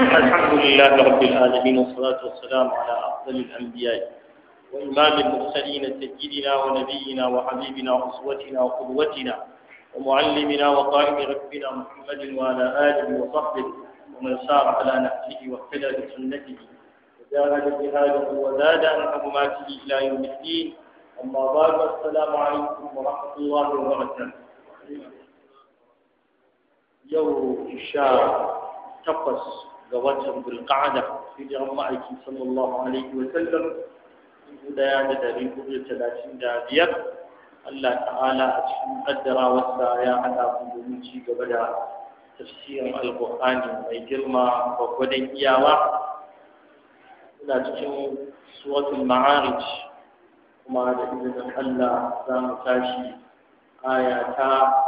الحمد لله رب العالمين والصلاة والسلام على أفضل الأنبياء وإمام المرسلين سيدنا ونبينا وحبيبنا وأسوتنا وقدوتنا ومعلمنا وقائد ربنا محمد وعلى آله وصحبه ومن سار على نهجه واهتدى بسنته وجاهد جهاده وزاد عن حرماته إلى يوم الدين أما بعد السلام عليكم ورحمة الله وبركاته yau sha takwas ga watan bulqa'ada hijiran ma'aiki sallallahu alaihi wa sallam dubu ɗaya da ɗari hudu da talatin da biyar Allah ta'ala a cikin kaddarawarsa ya haɗa mu domin ci gaba da tafsirin alƙur'ani mai girma gwaggwadon iyawa ina cikin suratul ma'arij kuma da izinin Allah za mu tashi aya ta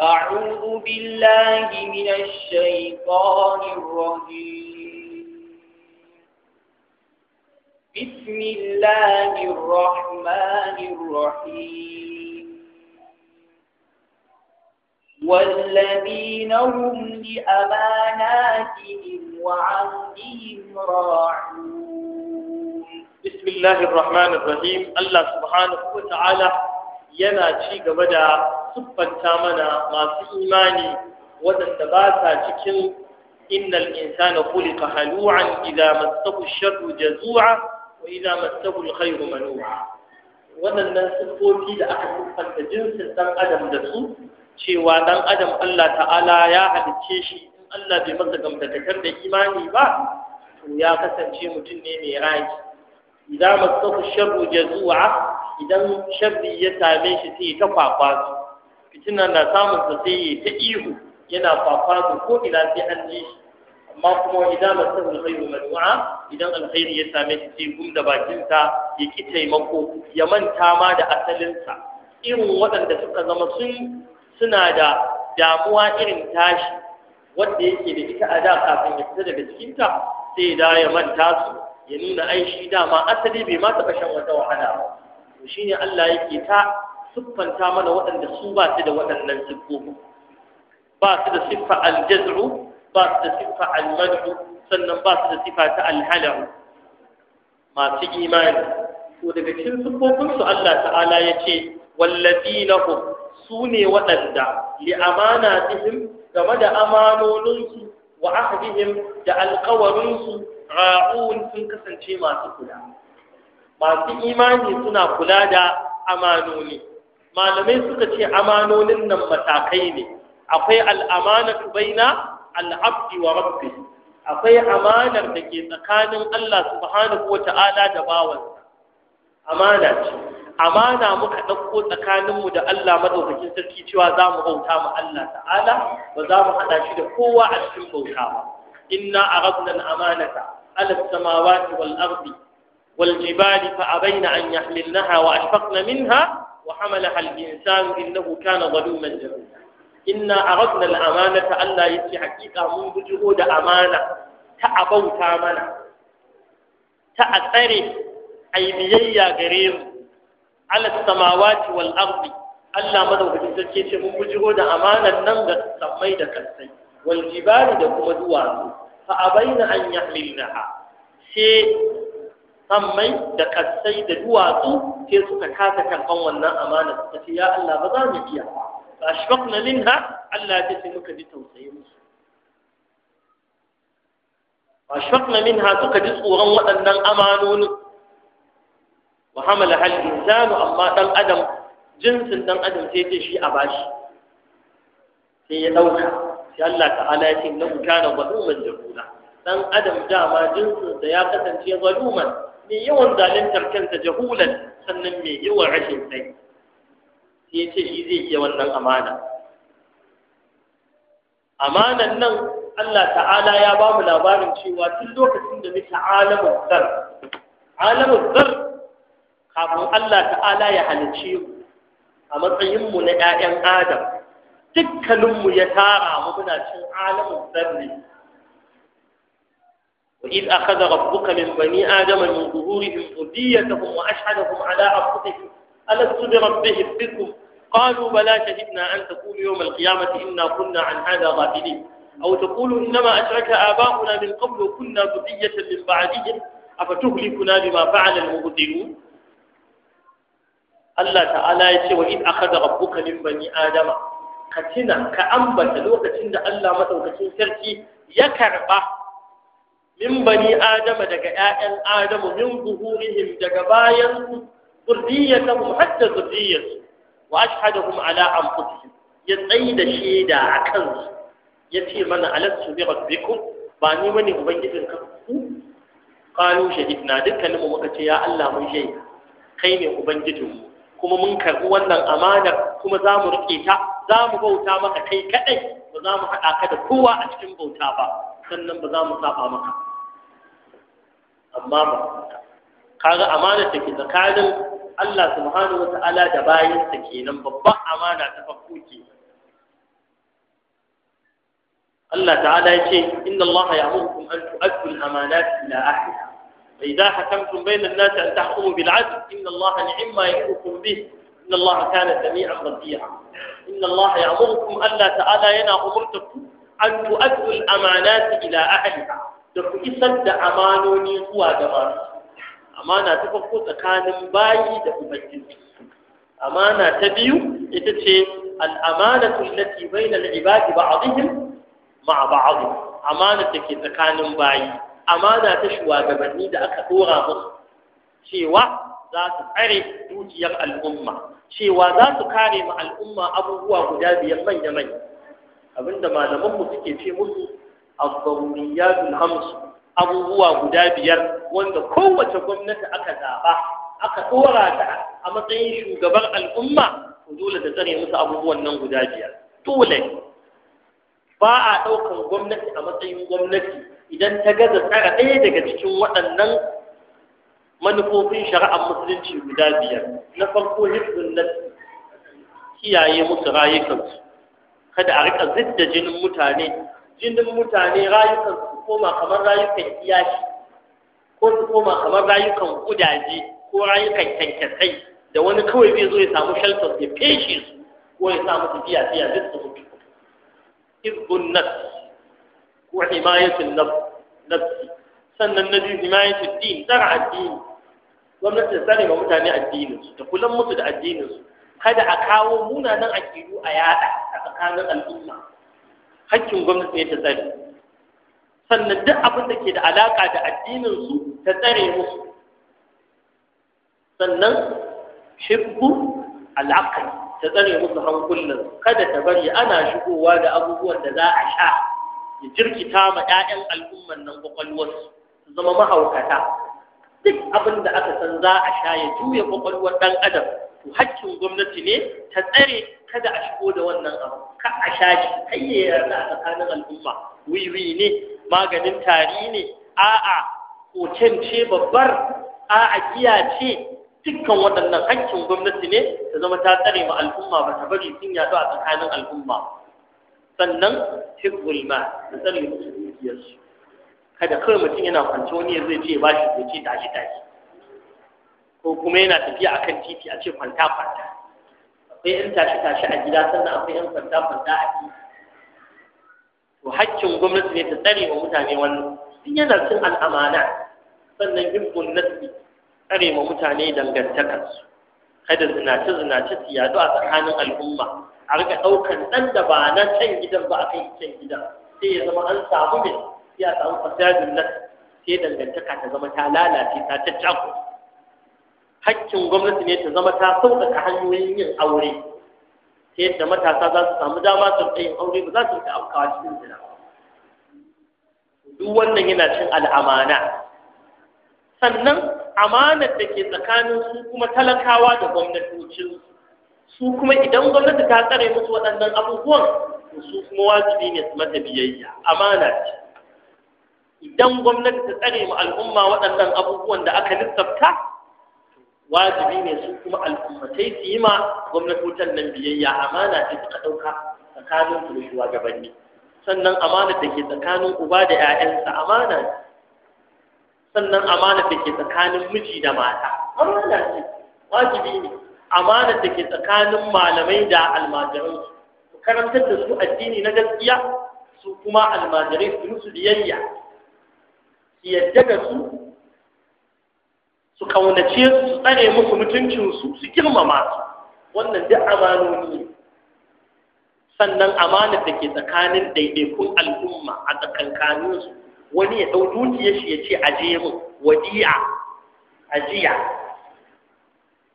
أعوذ بالله من الشيطان الرجيم بسم الله الرحمن الرحيم والذين هم لأماناتهم وعهدهم راعون بسم الله الرحمن الرحيم الله سبحانه وتعالى yana ci gaba da siffanta mana masu imani waɗanda ba sa cikin innal insana khuliqa halu'an idza massahu sharru jazu'a wa idza massahu alkhairu manu'a waɗannan siffofi da aka siffanta jinsin ɗan adam da su cewa ɗan adam Allah ta'ala ya halicce shi in Allah bai masa gamdakatar da imani ba to ya kasance mutum ne mai raki idan masu sharru jazu'a idan sharri ya same shi sai ta su fitinan na samun sa sai ta ihu yana su ko ina sai an ji shi amma kuma idan masu alkhairu mad'a idan alkhairi ya same shi sai bakin bakinsa ya ki taimako ya manta ma da asalinsa irin waɗanda suka zama sun suna da damuwa irin tashi wanda yake da ita a da kafin ya fita daga cikinta sai da ya manta su ya nuna ai shi dama asali bai ma taɓa shan wata wahala ba to shine Allah yake ta siffanta mana waɗanda su ba su da waɗannan siffofin ba su da siffa aljazru, ba su da siffa almadu sannan ba su da siffa ta alhalaru. masu imani to daga cikin siffofin Allah ta'ala ya ce wallazina hum su ne waɗanda li amanatihim game da amanoninsu wa ahdihim da alƙawarinsu ra'un sun kasance masu kula masu imani suna kula da amanoni malamai suka ce amanonin nan matakai ne akwai al'amana baina al'abdi wa rabbi akwai amanar da ke tsakanin Allah subhanahu wa ta'ala da bawansa amana ce amana muka ɗauko tsakaninmu da Allah madaukakin sarki cewa za mu bauta mu Allah ta'ala ba za mu haɗa shi da kowa a cikin bauta ba inna aradna al-amanata على السماوات والأرض والجبال فأبين أن يحملنها وأشفقن منها وحملها الإنسان إنه كان ظلوما جهولا إنا أردنا الأمانة ألا يتي حقيقة منذ جهود أمانة تأبوا تامنا تأثري أي بيي غريب على السماوات والأرض ألا مدو بجزكي من جهود أمانة نمغة سميدة كالسي والجبال دكما دوانو fa abaina an yahmilnaha sai sammai da kassai da duwatsu sai suka kasa karɓan wannan amana suka ce ya Allah ba za mu iya fa ashfaqna minha Allah ya ce muka ji tausayin su ashfaqna minha suka ji tsoron waɗannan amanoni wa hamala hal insanu amma dan adam jinsin dan adam sai ce shi a bashi sai ya ɗauka shi Allah ta'ala ya ce na kana zaluman jahula dan adam dama jinsinsa ya kasance zaluman mai yawan zaluntar kansa jahulan sannan mai yawan rashin sai sai ya ce shi zai iya wannan amana amanan nan Allah ta'ala ya ba mu labarin cewa tun lokacin da muke alamun zar alamun zar kafin Allah ta'ala ya halicce mu a matsayinmu na 'ya'yan adam dukkaninmu ya tara mu muna cin alamin zarri وإذ أخذ ربك من بني آدم من ظهورهم ذريتهم وأشهدهم على أنفسهم ألست بربهم بكم قالوا بلى شهدنا أن تقول يوم القيامة إنا كنا عن هذا غافلين أو تقول إنما أشرك آباؤنا من قبل كنا ذرية من بعدهم أفتهلكنا بما فعل المبطلون الله تعالى يقول وإذ أخذ ربك من بني آدم ka tina ka ambata lokacin da Allah maɗaukacin sarki ya karba min bani adama daga 'ya'yan adamu min zuhurihim daga bayan su zurriyatahum hatta zurriyatu wa ashhadahum ala anfusihim ya tsayi da shaida a kansu ya ce mana alastu bi rabbikum ba ni bane ubangijin ka ku qalu shahidna dukkanin mu muka ce ya Allah mun shaida kai ne ubangijin mu kuma mun karbi wannan amanar kuma za mu rike ta za mu bauta maka kai kaɗai. ba za mu haɗa ka da kowa a cikin bauta ba sannan ba za mu saba maka amma ba kaga amana take tsakanin Allah subhanahu wa ta'ala da bayinsa kenan babban amana ta farko ke Allah ta'ala ya ce inna Allah ya'murukum an tu'addu al-amanat ila ahliha wa idha hakamtum bayna an-nasi an tahkumu bil 'adl inna Allah ni'ma ya'idukum bih inna Allah kana sami'an basira inna Allah ya'murukum Allah ta'ala yana umurtaku an tu'addu al-amanati ila ahliha da ku isar da amanoni zuwa ga masu amana ta farko tsakanin bayi da ubangiji amana ta biyu ita ce al-amanatu allati bayna al-ibadi ba'dihim ma'a ba'd amana ke tsakanin bayi da aka dora musu cewa za su tsare dukiyar al'umma cewa za su kare ma al'umma abubuwa guda biyar manya-manya abinda malamanmu suke ce musu abbauniyatul hamsu abubuwa guda biyar wanda kowace gwamnati aka zaba aka tsora ta a matsayin shugaban al'umma dole da tsare musu abubuwan nan guda biyar dole ba a ɗaukar gwamnati a matsayin gwamnati idan ta gaza tsara ɗaya daga cikin waɗannan manufofin shari'ar musulunci guda biyar na farko hifdun nafsi kiyaye musu rayukansu kada a rika zidda jinin mutane jinin mutane rayukansu su koma kamar rayukan iyashi ko su koma kamar rayukan kudaje ko rayukan kyankyasai da wani kawai zai zo ya samu shelter ya feshe su ko ya samu su biya biya duk su mutu hizbun nafs ko himayatul nafs nafsi sannan na biyu himayatul din tsara addini gwamnati ta sani ma mutane addininsu ta kulan musu da addininsu kada a kawo munanan akidu a yada a tsakanin al'umma hakkin gwamnati ne ta tsare sannan duk abin da ke da alaka da addininsu ta tsare musu sannan shibbu al'aqal ta tsare musu hankulan kada ta bari ana shigowa da abubuwan da za a sha ya jirkita ma 'ya'yan al'umman nan kwakwalwarsu su zama mahaukata duk abin da aka san za a sha ya juya kwakwalwar ɗan adam to hakkin gwamnati ne ta tsare kada a shigo da wannan abu ka a sha shi kayyaya a tsakanin al'umma wiwi ne maganin tari ne a'a kocen ce babbar a'a giya ce dukkan waɗannan haƙƙin gwamnati ne ta zama ta tsare ma al'umma ba ta bari sun yaɗu a tsakanin al'umma sannan hizbul ma ta tsare musu dukiyarsu kada kawai mutum yana kwanci wani zai ce ba shi ya ce tashi tashi ko kuma yana tafiya akan titi a ce kwanta kwanta akwai yan tashi tashi a gida sannan akwai yan kwanta kwanta a titi to hakkin gwamnati ne ta tsare wa mutane wannan duk yana cin al'amana sannan yin gwamnati tsare wa mutane dangantakarsu kada zinace zinace su yadu a tsakanin al'umma a riƙa ɗaukan ɗan da ba na can gidan ba a kai can gidan sai ya zama an samu mai ya samu fasadin nan sai dangantaka ta zama ta lalace ta caccako hakkin gwamnati ne ta zama ta sauƙaƙa hanyoyin yin aure ta yadda matasa za su samu dama su rika yin aure ba za su yi afkawa cikin zina duk wannan yana cin al'amana sannan amanar da ke tsakanin su kuma talakawa da gwamnatocin su kuma idan gwamnati ta tsare musu waɗannan abubuwan su kuma wajibi ne su mata biyayya amana ce idan gwamnati ta tsare ma al'umma waɗannan abubuwan da aka lissafta wajibi ne su kuma al'ummatai su yi ma gwamnatocin nan biyayya amana ce suka ɗauka tsakanin su da shugabanni sannan amana da ke tsakanin uba da 'ya'yansa amana sannan amana da ke tsakanin miji da mata amana ce wajibi ne amana da ke tsakanin malamai da almajiransu karantar da su addini na gaskiya su kuma almajirai su musu biyayya yadda da su su kaunace su su tsare musu mutuncinsu su girmama su wannan duk amanoni ne sannan amana da ke tsakanin daidaikun al'umma a tsakankaninsu wani ya ɗau dukiyar shi ya ce aje mu wadi'a ajiya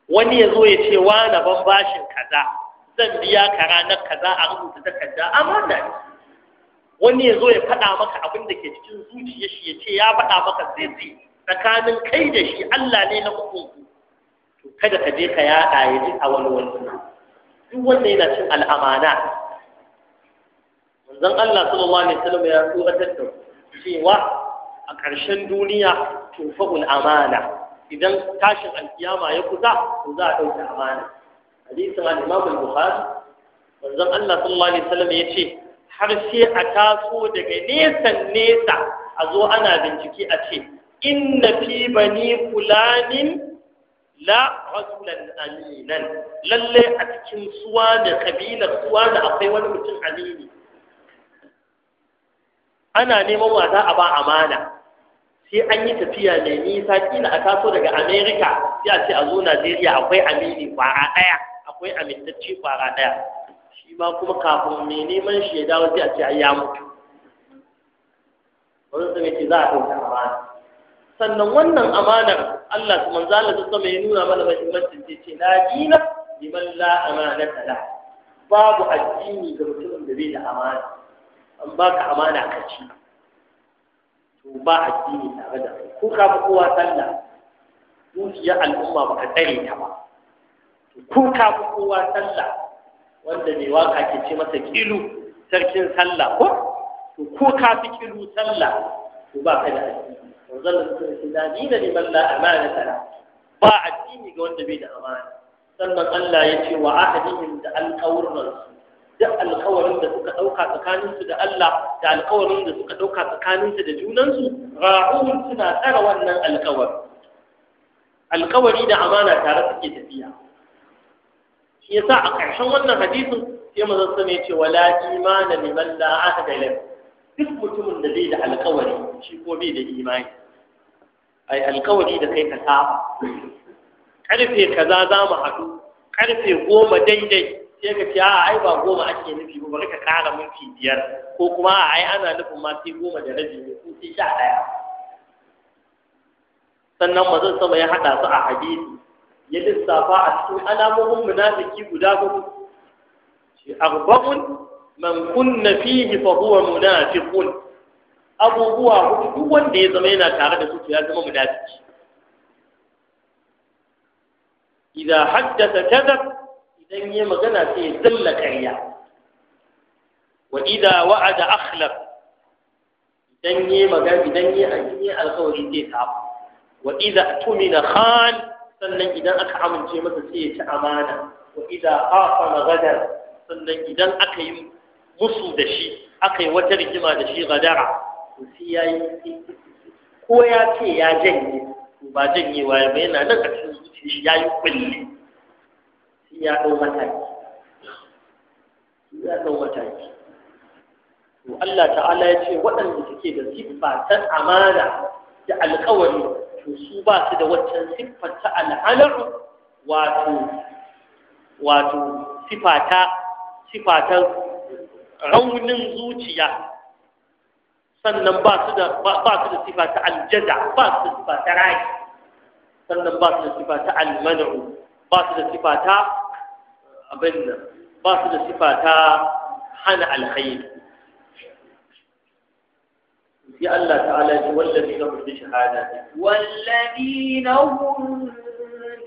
wani ya zo ya ce wa na ban bashin kaza zan biya ka ranar kaza a rubuta takarda amana ne wani ya zo ya faɗa maka abin da ke cikin zuciya shi ya ce ya faɗa maka sirri tsakanin kai da shi Allah ne na hukunku to kada ka je ka yaɗa ya ji a wani wani duk wanda yana cin al'amana manzon Allah sallallahu alaihi wasallam ya tsoratar da cewa a ƙarshen duniya fa amana idan tashin alkiyama ya kusa to za a ɗauki amana hadisin al-Imam al-Bukhari manzon Allah sallallahu alaihi wasallam ya ce har sai a taso daga nesan nesa a zo ana bincike a ce inna fi bani fulanin la rasulan aminan lalle a cikin suwa da kabilar suwa da akwai wani mutum amini ana neman wasa a ba amana sai an yi tafiya mai nisa kila a taso daga amerika sai a ce a zo najeriya akwai amini kwara ɗaya akwai amintacci kwara ɗaya ma kuma kafin mai neman shi ya dawo a ce ya mutu wani sun yake za a ɗauki amana sannan wannan amanar Allah su manzo Allah sun ya nuna mana muhimmancin ce ce na dina liman la ta la babu addini ga mutumin da bai da amana an baka amana ka ci to ba addini tare da kai ko ka fi kowa sallah dukiyar al'umma ba ka tsare ta ba ko ka fi kowa sallah wanda mai waka ke ce masa kilu sarkin sallah ko to ko ka fi kilu sallah to ba ka da addini manzon da suka ce da ni da liman la amana tara ba addini ga wanda bai da amana sannan Allah ya ce wa ahadihim da alƙawuran su duk alƙawarin da suka ɗauka tsakaninsu da Allah da alƙawarin da suka ɗauka tsakaninsu da junansu ra'un suna tsara wannan alƙawari alƙawari da amana tare suke tafiya yasa a ƙarshen wannan hadisin sai manzon sa sani ce wala imana liman la ahda lahu duk mutumin da zai da alƙawari shi ko bai da imani ai alƙawari da kai ka saba karfe kaza za mu haɗu karfe goma daidai sai ka ce a ai ba goma ake nufi ba bari ka ƙara minti biyar ko kuma a ai ana nufin ma sai goma da rabi ne ko sai sha ɗaya sannan mazan sama ya haɗa su a hadisi ya lissafa a cikin alamomin munafiki guda hudu shi arba'un man kunna fihi fa huwa munafiqun abubuwa hudu duk wanda ya zama yana tare da su ya zama munafiki idan haddasa kadab idan yi magana sai ya zalla ƙarya wa idan wa'ada akhlaf idan yi magana idan ya alƙawari sai ta wa idan tumina khan sannan idan aka amince masa sai ya ci amana wa idza qasama gadar sannan idan aka yi musu da shi aka yi wata rigima da shi gadara to sai yayi ko ya ce ya janye to ba janyewa ya ba yana nan a cikin zuciya shi yayi kulli shi ya dau mataki ya dau mataki to Allah ta'ala ya ce waɗanda suke da sifatan ta amana da alƙawari to su ba su da waccan siffar ta alhalar wato wato sifata sifatar raunin zuciya sannan ba su da ba su da sifa ta ba su da sifata ta rai sannan ba su da sifata ta almanu ba su da sifata ta abin nan ba su da sifata hana alkhairi في الله تعالى والذين هم بشهاداتهم والذين هم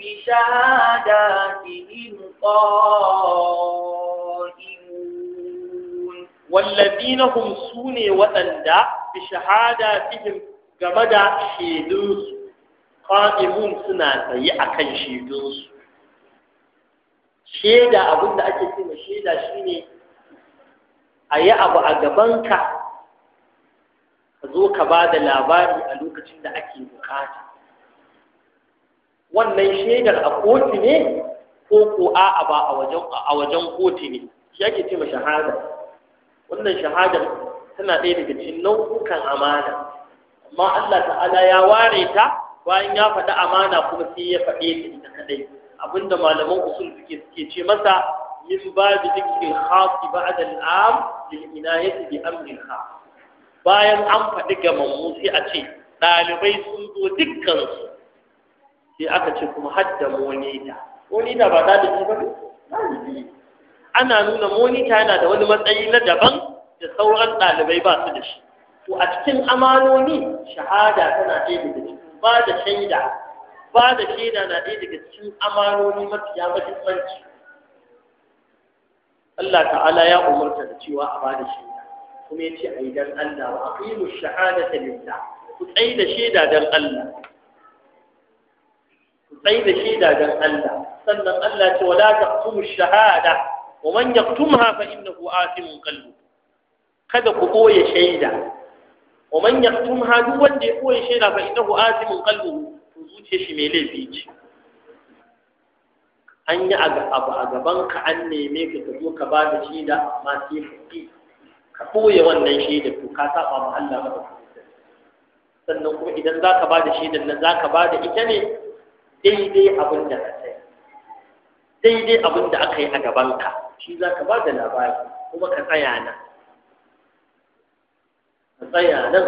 بشهاداتهم قائمون والذين هم سوني وأندى بشهاداتهم جمدا شيدوس قائمون سنة يأكل شيدوس shaida abin da ake ce shaida shine a yi abu a gabanka ka zo ka ba da labari a lokacin da ake bukata wannan shaidar a kotu ne ko ko a'a ba a wajen a kotu ne shi ake ce ma shahada wannan shahadar tana ɗaya daga cikin nau'ukan amana amma Allah ta'ala ya ware ta bayan ya faɗi amana kuma sai ya faɗe ta ita kadai abinda malaman usul suke suke ce masa min babu dhikri khas ba'da al-am lil inayati bi amri khas bayan an faɗi ga mamu sai a ce ɗalibai sun zo dukkansu sai aka ce kuma hadda monita monita ba za da ji ba ana nuna monita yana da wani matsayi na daban da sauran ɗalibai ba su da shi to a cikin amanoni shahada tana ɗaya daga cikin ba da shaida ba da shaida na ɗaya daga cikin amanoni mafiya mahimmanci Allah ta'ala ya umarta da cewa a ba da shaida kuma yace yi dan Allah wa aqimu shahadata lillah ku da shaida dan Allah ku tsai da shaida dan Allah sannan Allah ce wala taqtumu shahada wa man yaqtumha fa innahu athimun qalbu kada ku boye shaida wa man yaqtumha duk wanda ya boye shaida fa innahu athimun qalbu shi mai laifi ce an yi abu a gaban ka an neme ka ka zo ka ba da shi da masu yi ka koya wannan shaidar to ka saba ma Allah ba sannan kuma idan za ka ba da shaidar nan za ka ba da ita ne daidai abin da ka sai daidai abin da aka yi a gabanka shi za ka ba da labari kuma ka tsaya nan ka tsaya nan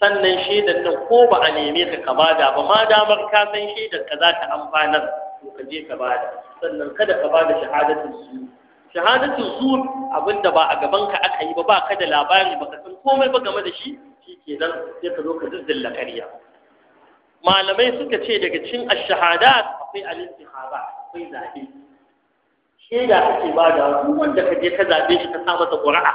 sannan shaidar nan ko ba a neme ka ka bada ba ma damar ka san shaidar ka za ta amfanar to ka je ka bada sannan kada ka bada shahadatul su shahadatu zur abinda ba a gaban ka aka yi ba ba ka da labari ba ka san komai ba game da shi nan sai ka zo ka zizzilla ƙarya malamai suka ce daga cin ash shahada akwai al-istihaba akwai shi shaida kake ba da duk wanda ka je ka zabe shi ka sa masa ƙuri'a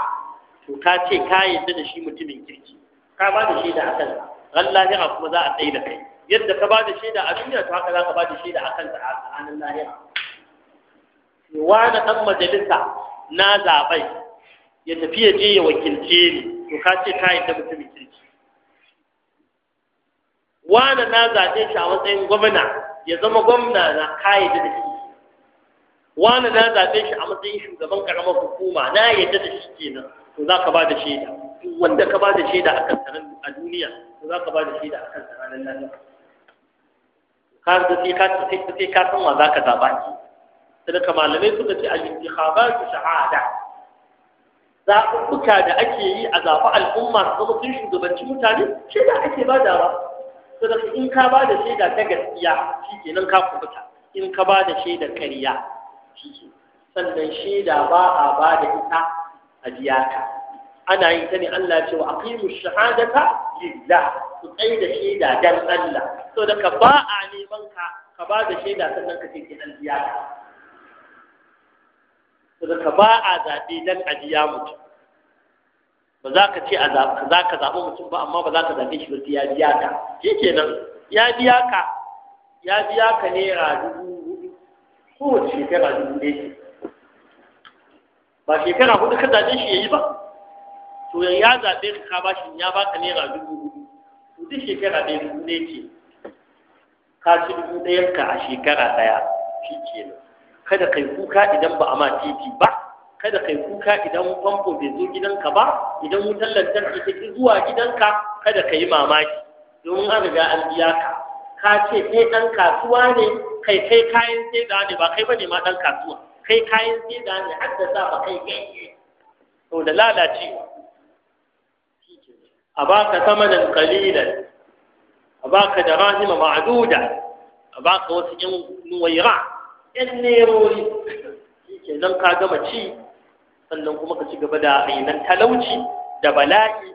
to ka ce ka yadda da shi mutumin kirki ka ba da shaida akan ran lahira kuma za a tsaye da kai yadda ka ba da shaida a duniya to haka za ka ba da shaida akan ta a ranar lahira wani ɗan majalisa na zaɓai ya tafi ya je ya wakilce ni to ka ce ka yadda mutumin kirki wani na zaɓe shi a matsayin gwamna ya zama gwamna na ka da shi wani na zaɓe shi a matsayin shugaban ƙaramar hukuma na yadda da shi kenan to za ka ba da shaida duk wanda ka ba da shaida a kan a duniya to za ka ba da shaida a kan tsaron lafiya ka sai ka sai ka san wa za ka zaɓa ki sadaka malamai suka ce al-intikhabatu shahada zaɓuɓɓuka da ake yi a zaɓi al'umma su zama sun shugabanci mutane shaida ake ba da ba sadaka in ka ba da shaida ta gaskiya shi nan ka kubuta in ka ba da shaida kariya shi ke sannan shaida ba a ba da ita a biyaka ana yin ta ne Allah ce wa aqimu shahadata lillah ku tsaye da shaida dan Allah saboda ka ba a neman ka ka ba da shaida sannan ka ce kenan biyaka daga ba a zaɓe a biya mutum ba za ka ce za ka zaɓi mutum ba amma ba za ka zaɓe shi ba ya biya ka shi nan ya biya ka ya biya ka naira dubu hudu kowace shekara dubu ɗaya ba shekara hudu ka zaɓe shi ya yi ba to ya zaɓe ka ka bashi ya ne naira dubu hudu to duk shekara ɗaya dubu ne ce ka ci dubu ɗayan ka a shekara ɗaya shi kenan kada kai kuka idan ba a ma titi ba kada kai kuka idan famfo bai zo gidanka ba idan wutar lantarki ta ki zuwa gidanka kada ka yi mamaki domin an riga an biya ka ka ce kai ɗan kasuwa ne kai kai kayan da ne ba kai bane ma ɗan kasuwa kai kayan da ne har da sa ba kai ganye to da lalacewa a baka samanin kalilan a baka da rahima ma'aduda a baka wasu ƴan nuwaira 'yan nerori shi ke nan ka gama ci sannan kuma ka ci gaba da hainan talauci da bala'i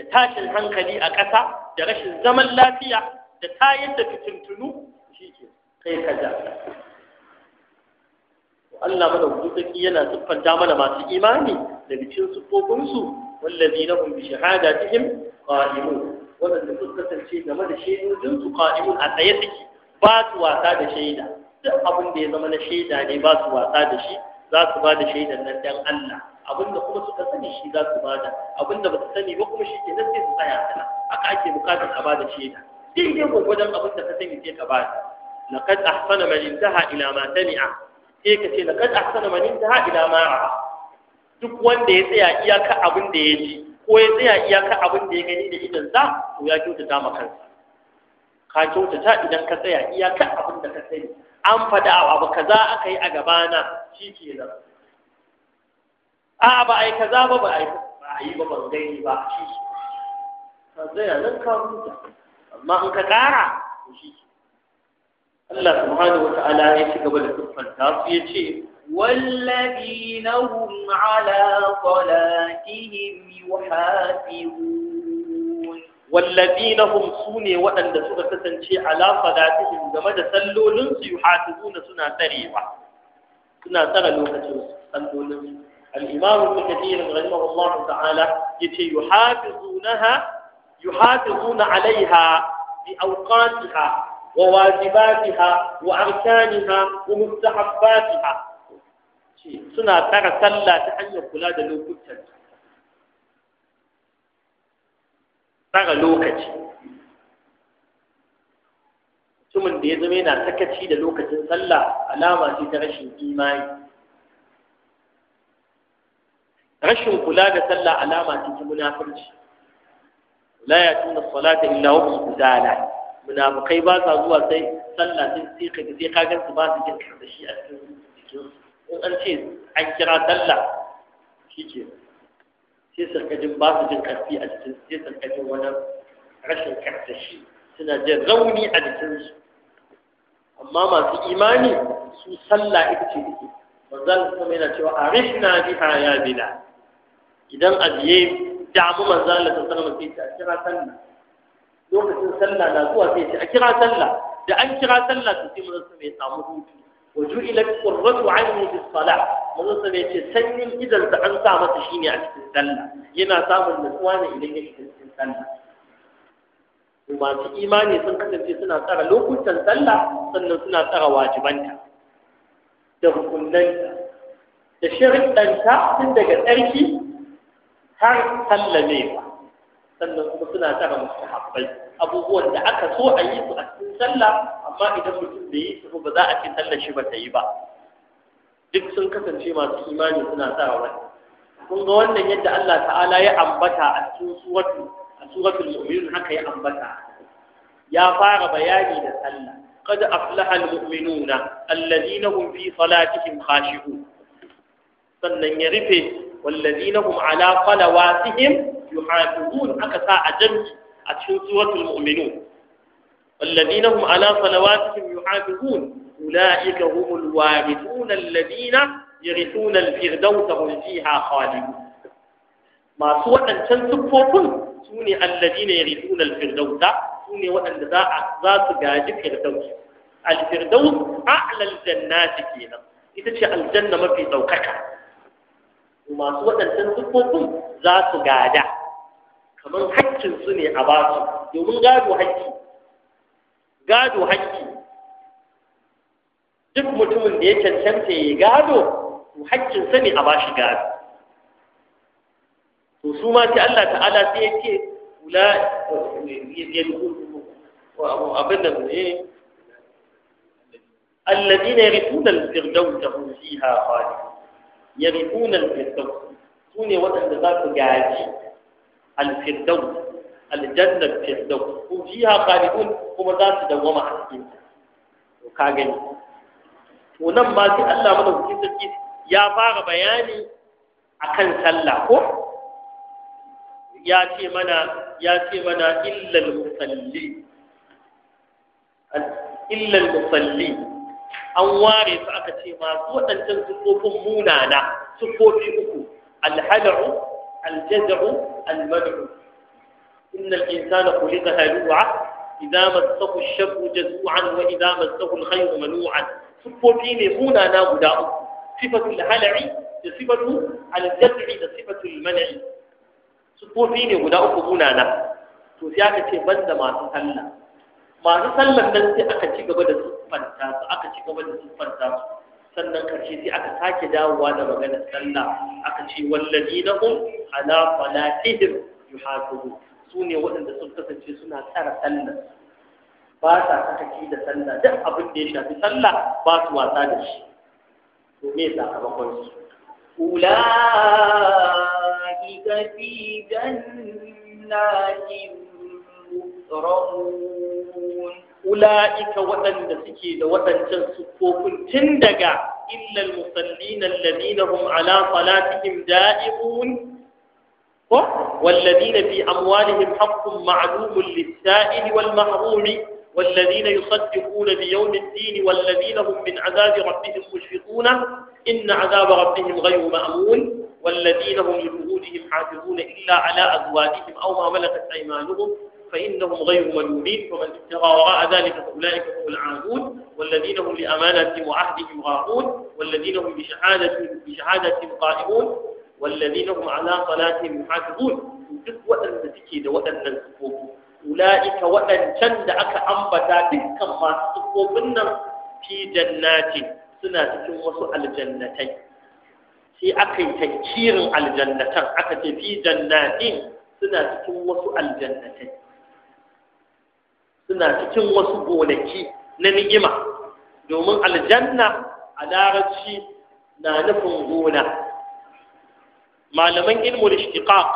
da tashin hankali a ƙasa da rashin zaman lafiya da tayar da fitintunu shi ke kai ka ja Allah madaukakin yana siffanta mana masu imani da bikin siffofinsu wallazina hum bi cikin qa'imun wanda suka kasance game da shaidojinsu qa'imun a tsaye suke ba su wasa da shaida duk abin da ya zama na shaida ne ba su wasa da shi za su ba da shaidan nan dan Allah abin da kuma suka sani shi za su ba da abin da ba su sani ba kuma shi ke nan sai su tsaya sana haka ake bukatar a ba da shaida daidai gwagwadon abin da ka sani sai ka ba da laqad ahsana man intaha ila ma sami'a sai ka ce laqad ahsana man intaha ila ma ra'a duk wanda ya tsaya iyaka abin da ya ji ko ya tsaya iyaka abin da ya gani da idan sa to ya kyautata ma kansa ka kyautata idan ka tsaya iyaka abin da ka sani an faɗa abu kaza aka yi a gabana shi ke nan a ba a yi kaza ba ba a yi ba ban gani ba shi ke zai nan ka mutu, amma in ka ƙara to shi Allah subhanahu wa ta'ala ya ci gaba da siffanta su ya ce والذين هم على صلاتهم يحافظون والذين هم سوني وأن سوء كسنشي على صلاتهم جمد سلو لنس يحافظون سنة تريبا سنة ترى لوكتو لنس الإمام الكثير كثير رحمه الله تعالى يتي يحافظونها يحافظون عليها بأوقاتها وواجباتها وأركانها ومستحباتها سنة تغسل سلا تحيي كلا دلو كتنشي tsara lokaci mutumin da ya zama yana sakaci da lokacin sallah alama ce ta rashin imani rashin kula da sallah alama ce ta munafurci la tuna salata illa hum kudala munafikai ba sa zuwa sai sallah sai sai sai ka ga su ba su jin karshe a cikin in an ce an kira sallah shikenan sai sarkacin ba su jin karfi a jikinsu sai sarkacin wani rashin karsashi suna jin rauni a jikinsu amma masu imani su sallah ita ce take manzal kuma yana cewa arifna biha ya bila idan abiye damu manzal da sallallahu alaihi wasallam sai ta kira sallah lokacin sallah na zuwa sai a kira sallah da an kira sallah to sai manzal sai ya samu hutu wa ju'ilat qurratu 'ayni bis salah manzo sai ya ce sanyin idan da an sa masa ne a cikin sallah yana samun nutsuwa ne idan ya shiga cikin sallah masu imani sun kasance suna tsara lokutan sallah sannan suna tsara wajibanta da hukunnanta da shirin ɗanta, tun daga tsarki har sallamewa sannan kuma suna tsara mustahabbai abubuwan da aka so a yi su a cikin sallah amma idan mutum bai yi su ba za a ce sallar shi ba ta yi ba duk sun kasance masu imani suna sa wani kun ga wannan yadda Allah ta'ala ya ambata a cikin suratu a suratul mu'minun haka ya ambata ya fara bayani da sallah qad aflaha almu'minuna alladhina hum fi salatihim khashi'un sannan ya rufe walladhina hum ala salawatihim yuhafizun aka sa a jami a cikin suratul mu'minun والذين هم على صلواتهم يحافظون أولئك هم الوارثون الذين يرثون الفردوس هم فيها خالدون ما سوى أن تنسفوكم سوني الذين يرثون الفردوس سوني وأن ذات جاجب فردوس الفردوس أعلى الجنات كينا إذا شاء الجنة ما في ذوقك وما سوى أن تنسفوكم ذات جاجب كمان حج سوني أباطي يوم غادوا حجي gado haƙƙi duk mutumin da ya cancanta ya gado to haƙƙinsa ne a ba shi gado to su ma sai Allah ta'ala sai ya ce kula ya abin da ne الذين يرثون الفردوس هم فيها خالدون يرثون الفردوس سون وطن ذات جاجي الفردوس الجنة الفردوس هم فيها خالدون kuma za su dawwama a cikin to ka gani to nan ma sai Allah madaukakin sarki ya fara bayani akan sallah ko ya ce mana ya ce mana illal musalli illal musalli an ware su aka ce masu waɗancan sufofin munana sufofi uku alhad'u aljaz'u almad'u innal insana khuliqa halu'a idza masahu sharru jazu'an wa idza masahu alkhayru manu'an sifofi ne munana guda uku sifatul hala'i da sifatul aljaz'i da sifatul man'i sifofi guda uku munana to sai aka ce banda masu sallah masu sallan nan sai aka ci gaba da siffanta su sannan karshe sai aka sake dawowa da maganar sallah aka ce na hum ala salatihim su ne waɗanda sun kasance suna tsara sallar ba sa sakaki da sallah duk abin da ya shafi sallah ba su wasa da shi to me sakamakon su ulaika fi jannatin mukramun ula'ika waɗanda suke da waɗancan siffofin tun daga illal musallin alladhina hum ala salatihim da'imun والذين في أموالهم حق معلوم للسائل والمحروم والذين يصدقون بيوم الدين والذين هم من عذاب ربهم مشفقون إن عذاب ربهم غير مأمون والذين هم لفروجهم حافظون إلا على أزواجهم أو ما ملكت أيمانهم فإنهم غير ملومين ومن ابتغى وراء ذلك فأولئك هم العادون والذين هم لأمانتهم وعهدهم راعون والذين هم بشهادة بشهادتهم قائمون والذين هم على صلاتهم يحافظون duk waɗanda suke da waɗannan sifofi ula'ika waɗancan da aka ambata dukkan masu sifofin nan fi jannati suna cikin wasu aljannatai sai aka yi tankirin aljannatan aka ce fi jannatin suna cikin wasu aljannatai suna cikin wasu gonaki na ni'ima domin aljanna a larabci na nufin gona malaman ilmu ishtiqaq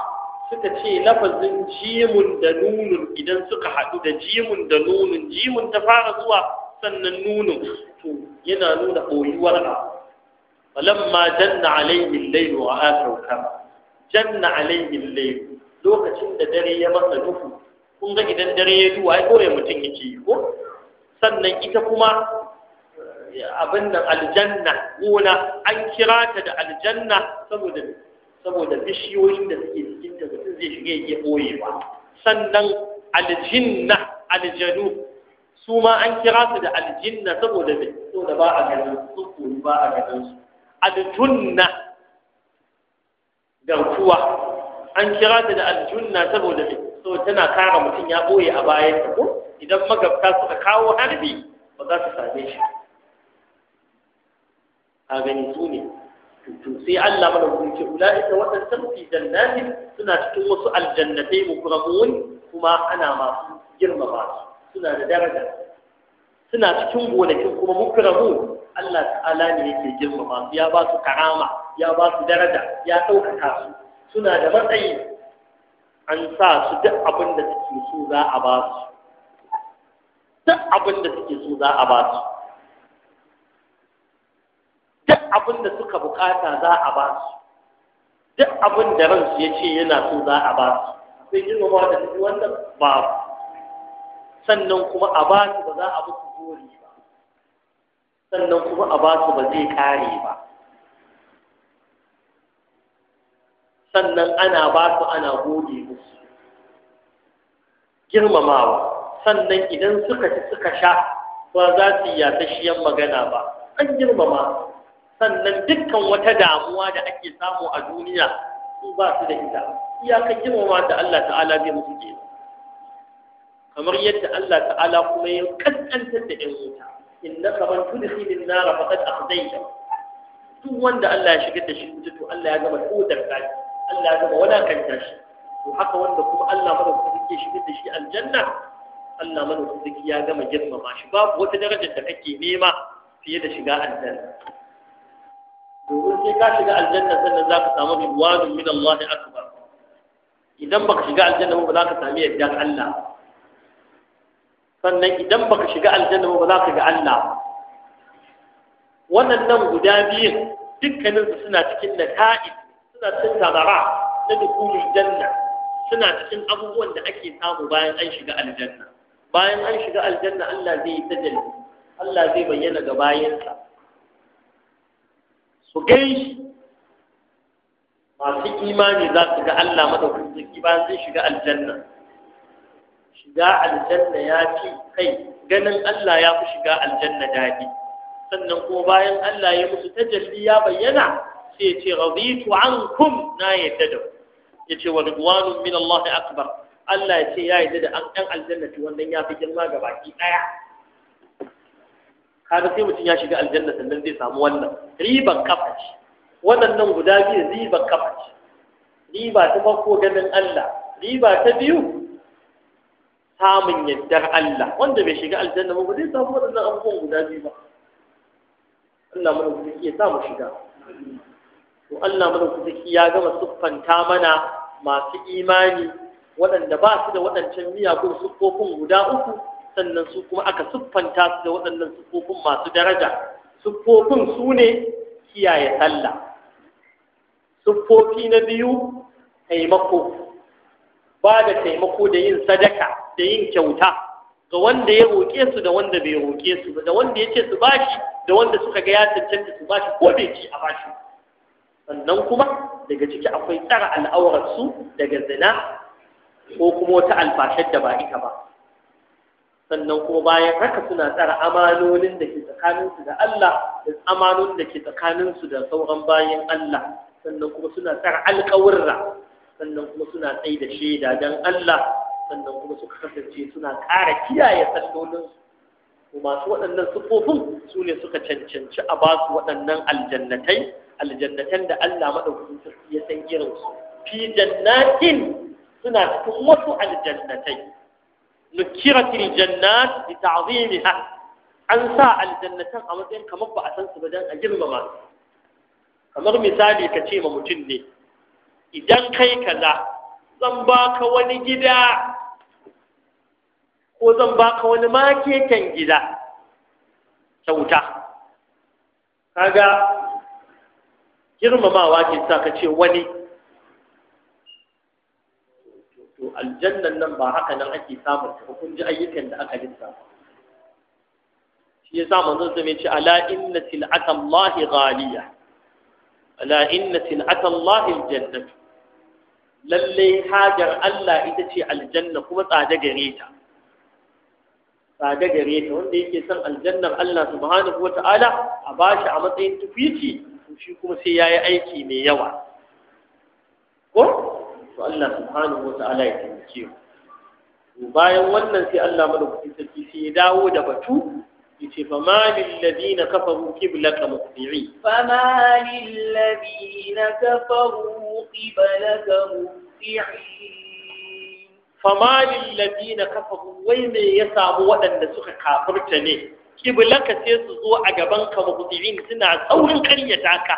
suka ce lafazin jimun da nunun idan suka haɗu da jimun da nunun jimun ta fara zuwa sannan nunun to yana nuna ɓoyuwar a falamma janna alayhi al-layl wa akaw kama janna alayhi al-layl lokacin da dare ya masa duhu kun ga idan dare ya duwa ai kore mutum yake yi ko sannan ita kuma eh, abin da aljanna gona an kira ta da aljanna saboda saboda bishiyoyin da suke cikin ta mutum zai shiga ya ɓoyewa sannan aljinna aljanu su ma an kira su da aljinna saboda me da ba a ganin su ko ba a ganin su aljunna garkuwa an kira ta da aljunna saboda me so tana kara mutum ya ɓoye a bayan ta ko idan magabta suka kawo harbi ba za su same shi a gani su ne to sai Allah madaukakin ce ulaika wadannan fi jannatin suna cikin wasu aljannatai mukramun kuma ana masu girmama su suna da daraja suna cikin gonakin kuma mukramun Allah ta'ala ne yake girmama su ya ba su karama ya ba su daraja ya ɗaukaka su suna da matsayi an sa su duk abin da suke so za a ba su duk abin da suke so za a ba su duk abin da suka bukata za a ba su duk abin da ransu ya ce yana so za a ba su sai girmama da duk wanda babu sannan kuma a ba su ba za a musu gori ba sannan kuma a ba su ba zai kare ba sannan ana ba su ana gode musu girmamawa sannan idan suka ci suka sha ba za su yi yasasshiyar magana ba an girmama sannan dukkan wata damuwa da ake samu a duniya su ba su da ita iyakan girmama da Allah ta'ala zai musu ke kamar yadda Allah ta'ala kuma ya kaskantar da ƴan wuta inna ka tuni filin na nar faqad akhdaita duk wanda Allah ya shigar da shi wuta to Allah ya gama kodar ka Allah ya gama wadakanta shi to haka wanda kuma Allah mana madaukaki ke shigar da shi aljanna Allah mana madaukaki ya gama girmama shi babu wata darajar da kake nema fiye da shiga aljanna domin sai ka shiga aljanna sannan za ka samu ridwanun min Allah akbar idan baka shiga aljanna ba za ka sami yadda Allah sannan idan baka shiga aljanna ba za ka ga Allah Wannan nan guda biyun dukkaninsu suna cikin na nata'id suna cikin tabara na dukulul janna suna cikin abubuwan da ake samu bayan an shiga aljanna bayan an shiga aljanna Allah zai yi tajalli Allah zai bayyana ga bayansa su shi masu imani za su ga Allah madaukakin sarki bayan zai shiga aljanna shiga aljanna ya fi kai ganin Allah ya fi shiga aljanna daɗi sannan ko bayan Allah ya musu tajalli ya bayyana sai ya ce raditu ankum na yadda da ya ce wa ridwanun min Allah akbar Allah ya ce ya yadda da an aljanna to wannan ya fi girma ga baki ɗaya kaga sai mutum ya shiga aljanna sannan zai samu wannan riban kafaci wannan nan guda biyu riban kafaci riba ta farko ganin Allah riba ta biyu samun yardar Allah wanda bai shiga aljanna ba zai samu wannan abubuwan guda biyu ba Allah mana ku ya sa mu shiga to Allah mana take ya gama siffanta mana masu imani waɗanda ba su da waɗancan miyagun siffofin guda uku sannan su kuma aka siffanta su da waɗannan siffofin masu daraja siffofin su ne kiyaye sallah siffofi na biyu taimako ba da taimako da yin sadaka da yin kyauta ga wanda ya roƙe su da wanda bai roƙe su ba da wanda ya ce su bashi da wanda suka ga ya cancanta su bashi ko bai ci a bashi sannan kuma daga ciki akwai tsara al'aurarsu daga zina ko kuma wata alfashar da ba ita ba sannan kuma bayan haka suna tsara amanonin da ke tsakaninsu da Allah da amanonin da ke tsakaninsu da sauran bayan Allah sannan kuma suna tsara alƙawurra sannan kuma suna tsaye da shaida don Allah sannan kuma suka kasance suna ƙara kiyaye sallolinsu masu waɗannan siffofin su ne suka cancanci a ba su waɗannan aljannatai aljannatan da Allah maɗaukakin sarki ya san irinsu fi jannatin suna cikin wasu aljannatai نكرت الجنات ha, an sa aljannatan a matsayin kamar ba a san su ba dan a girmama kamar misali ka ce ma mutum ne idan kai kaza zan wani gida ko zan baka wani maketan gida kyauta kaga girmamawa ke sa ka ce wani aljannan nan ba haka nan ake samun ta kun ji ayyukan da aka ba. shi yasa manzon sai ce ala inna sil'ata Allah ghaliya ala inna sil'ata Allah aljanna lalle hajar Allah ita ce aljanna kuma tsada gare ta tsada gare ta wanda yake son aljannar Allah subhanahu wata'ala a bashi a matsayin tufici to shi kuma sai yayi aiki mai yawa ko to Allah subhanahu wa ta'ala ya taimake ku. bayan wannan sai Allah madaukakin sarki sai ya dawo da batu yace fa ma lil ladina kafaru qiblaka muqti'i fa ma lil ladina kafaru qiblaka muqti'i fa ma lil ladina kafaru wai me ya samu waɗanda suka kafirta ne qiblaka sai su zo a gaban ka muqti'in suna tsaurin karyata ka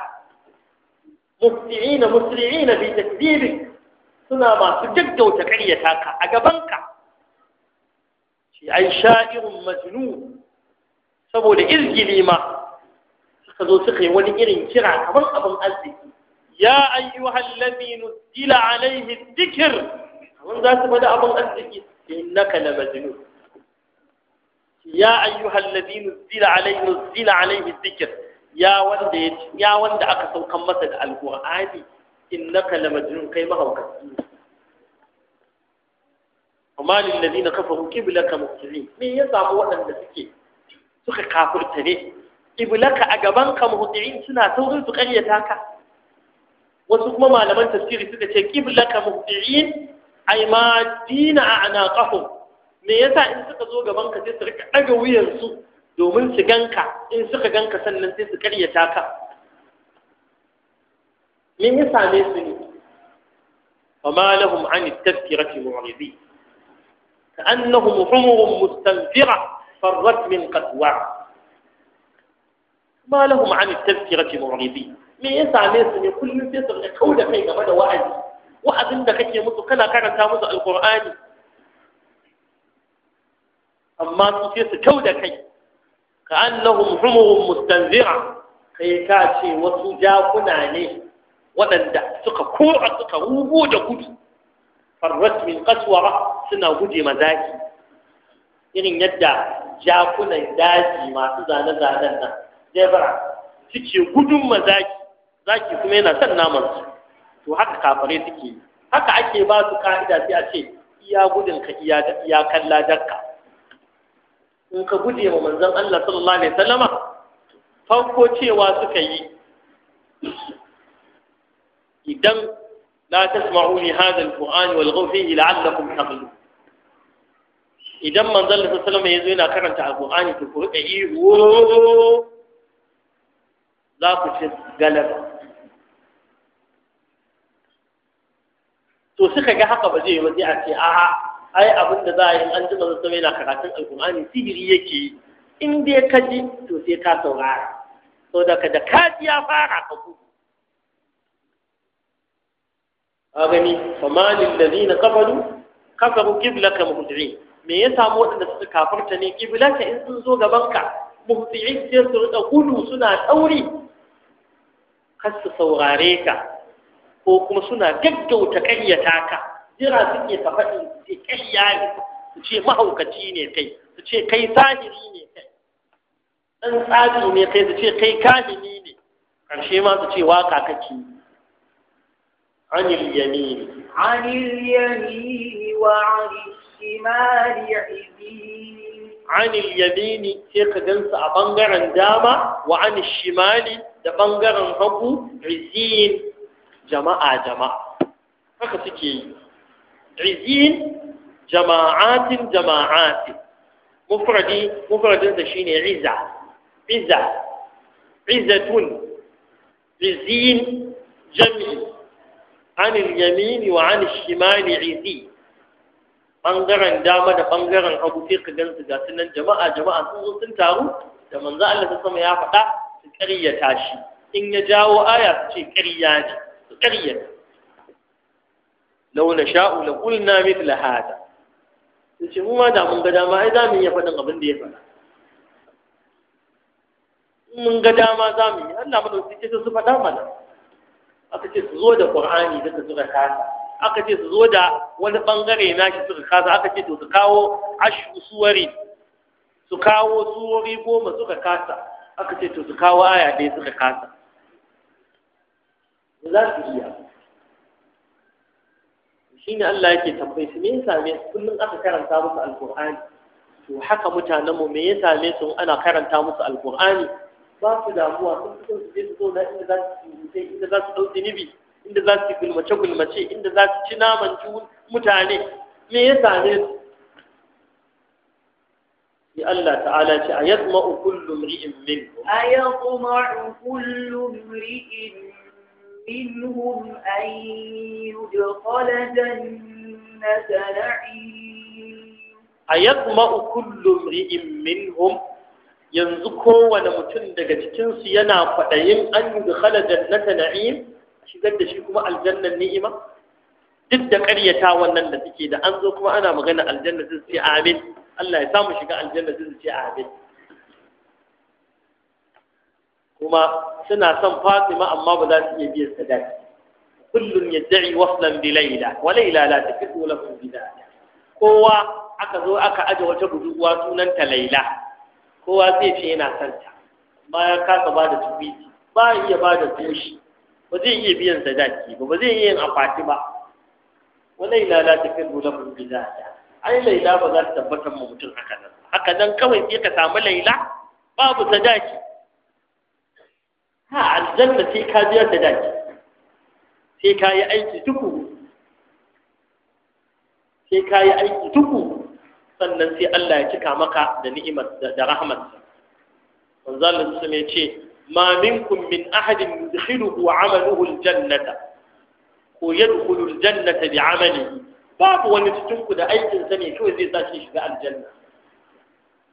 muqti'ina musri'ina bi takdibik suna masu gaggauta ƙaryata ka a gabanka shi ai sha'irun majnun saboda izgili ma suka zo suka yi wani irin kira kaman abin arziki ya ayyuhal ladhi nuzila alayhi dhikr kaman za su faɗi abin arziki innaka la majnun ya ayyuhal ladhi nuzila alayhi nuzila alayhi dhikr ya wanda ya wanda aka saukan masa da alqur'ani innaka lamajnun kai mahaukaci amma lil ladina kafaru qiblaka muqtirin me ya samu waɗanda suke suka kafirta ne qiblaka a gaban ka muqtirin suna saurin su karyata ka wasu kuma malaman tafsiri suka ce qiblaka muqtirin ai ma dina a anaqahum me yasa in suka zo gaban ka sai su rika daga wuyansu domin su ganka in suka ganka sannan sai su karyata ka من يسعني سني وما لهم عن التذكرة معرضين كأنهم حمر مستنفرة فرت من قطوع ما لهم عن التذكرة معرضين من يسعني سني كل من يسعني سني كل حين مدى وعد وعد عندك كي يمتو كنا كان تامز القرآن أما تسيس كودا كي كأنهم حمر مستنفرة كي كاشي وسجا عليه waɗanda suka kura suka rugo da gudu farwas min qaswara suna guje ma zaki irin yadda jakunan daji masu zane-zanen nan zebra suke gudun ma zaki zaki kuma yana son naman su to haka kafare suke yi haka ake ba su ka'ida sai a ce iya gudun ka iya kalla dakka in ka guje ma manzon Allah sallallahu alaihi wasallama farko cewa suka yi idan la tasma'u li hadha alqur'ani walghaw fihi la'allakum taqilu idan man Allah sallallahu alaihi wasallam yana karanta al al-qur'ani to ku rika ihu za ku ci galaba to suka ga haka ba zai yi ba sai a ce a'a ai abin da za a yi an ji manzon sallallahu yana karatun al-qur'ani sihiri yake yi in dai ka ji to sai ka saurara saboda ka da ka ji ya fara ka gudu agani famalin ladina kafaru kafaru ka muhdi'i me ya samu waɗanda suka kafarta ne ka, in sun zo gaban ka muhdi'i sai su rika gudu suna dauri kar su saurare ka ko kuma suna gaggauta ƙaryata ka jira suke ta faɗi su ƙarya ne su ce mahaukaci ne kai su ce kai sahiri ne kai ɗan tsafi ne kai su ce kai kahini ne ƙarshe ma su ce waka kake yi عن اليمين عن اليمين وعن الشمال عزين عن اليمين شيخ جنس أبنغر داما وعن الشمال دبنغر هبو عزين جماعة جماعة فكتكي عزين جماعات جماعات مفردي مفرد شيني عزة عزة عزة عزين جميل anil yamini wa anil shimali izi bangaren dama da bangaren hagu sai ka gansu ga sunan jama'a jama'a sun zo sun taru da manzo Allah ta sama ya faɗa su ƙaryata shi in ya jawo aya su ce ƙarya ne su ƙaryata Launa Sha'u la qulna mithla hada ce mu ma da mun ga dama ai za mu iya faɗin abin da ya faɗa mun ga dama za mu yi Allah madauki ce su faɗa mana aka ce su zo da ƙur'ani duka suka kasa aka ce su zo da wani ɓangare na shi suka kasa aka ce to su kawo ashu suwari su kawo suwari goma suka kasa aka ce to su kawo aya ɗaya suka kasa za su iya shi ne Allah yake tambayi su me sami kullum aka karanta musu alƙur'ani to haka mutanenmu me ya sami su ana karanta musu alƙur'ani ba su damuwa sun fi son su je su zauna inda za su surutai inda za su ɗau zunubi inda za su gulmace gulmace inda za su ci naman mutane me ya same su sai Allah ta'ala ce a yadma'u kullu mri'in min. a yadma'u kullu mri'in minhum an yudkhala jannata na'im a yadma'u kullu mri'in minhum yanzu kowane mutum daga cikinsu yana kwaɗayin an yi da na jannata a shigar da shi kuma aljannan ni'ima duk da ƙaryata wannan da suke da an zo kuma ana magana aljanna sun ce amin Allah ya samu shiga aljanna sun ce amin kuma suna son Fatima amma ba za su iya biyan sadaki kullum ya yad'i waslan bi Laila wa Laila la tafiqu ku bi kowa aka zo aka aje wata budurwa sunanta Laila kowa zai ce yana santa amma ya kasa ba da tubiti ba ya iya ba da toshi ba zai iya biyan sadaki ba ba zai iya yin akwati ba wani ilala ta fi gula mun bi za ta ai laila ba za ta tabbatar ma mutum haka nan haka nan kawai sai ka samu laila babu sadaki ha aljanna sai ka biya sadaki sai ka yi aiki tuku sai ka yi aiki tuku sannan sai Allah ya cika maka da ni'imar da rahmatsa manzo Allah sun ce ma minkum min ahadin yudkhiluhu 'amaluhu al-jannata ko yadkhulu al-jannata bi'amalihi babu wani cikin ku da aikin sa ne kawai zai sa shi shiga aljanna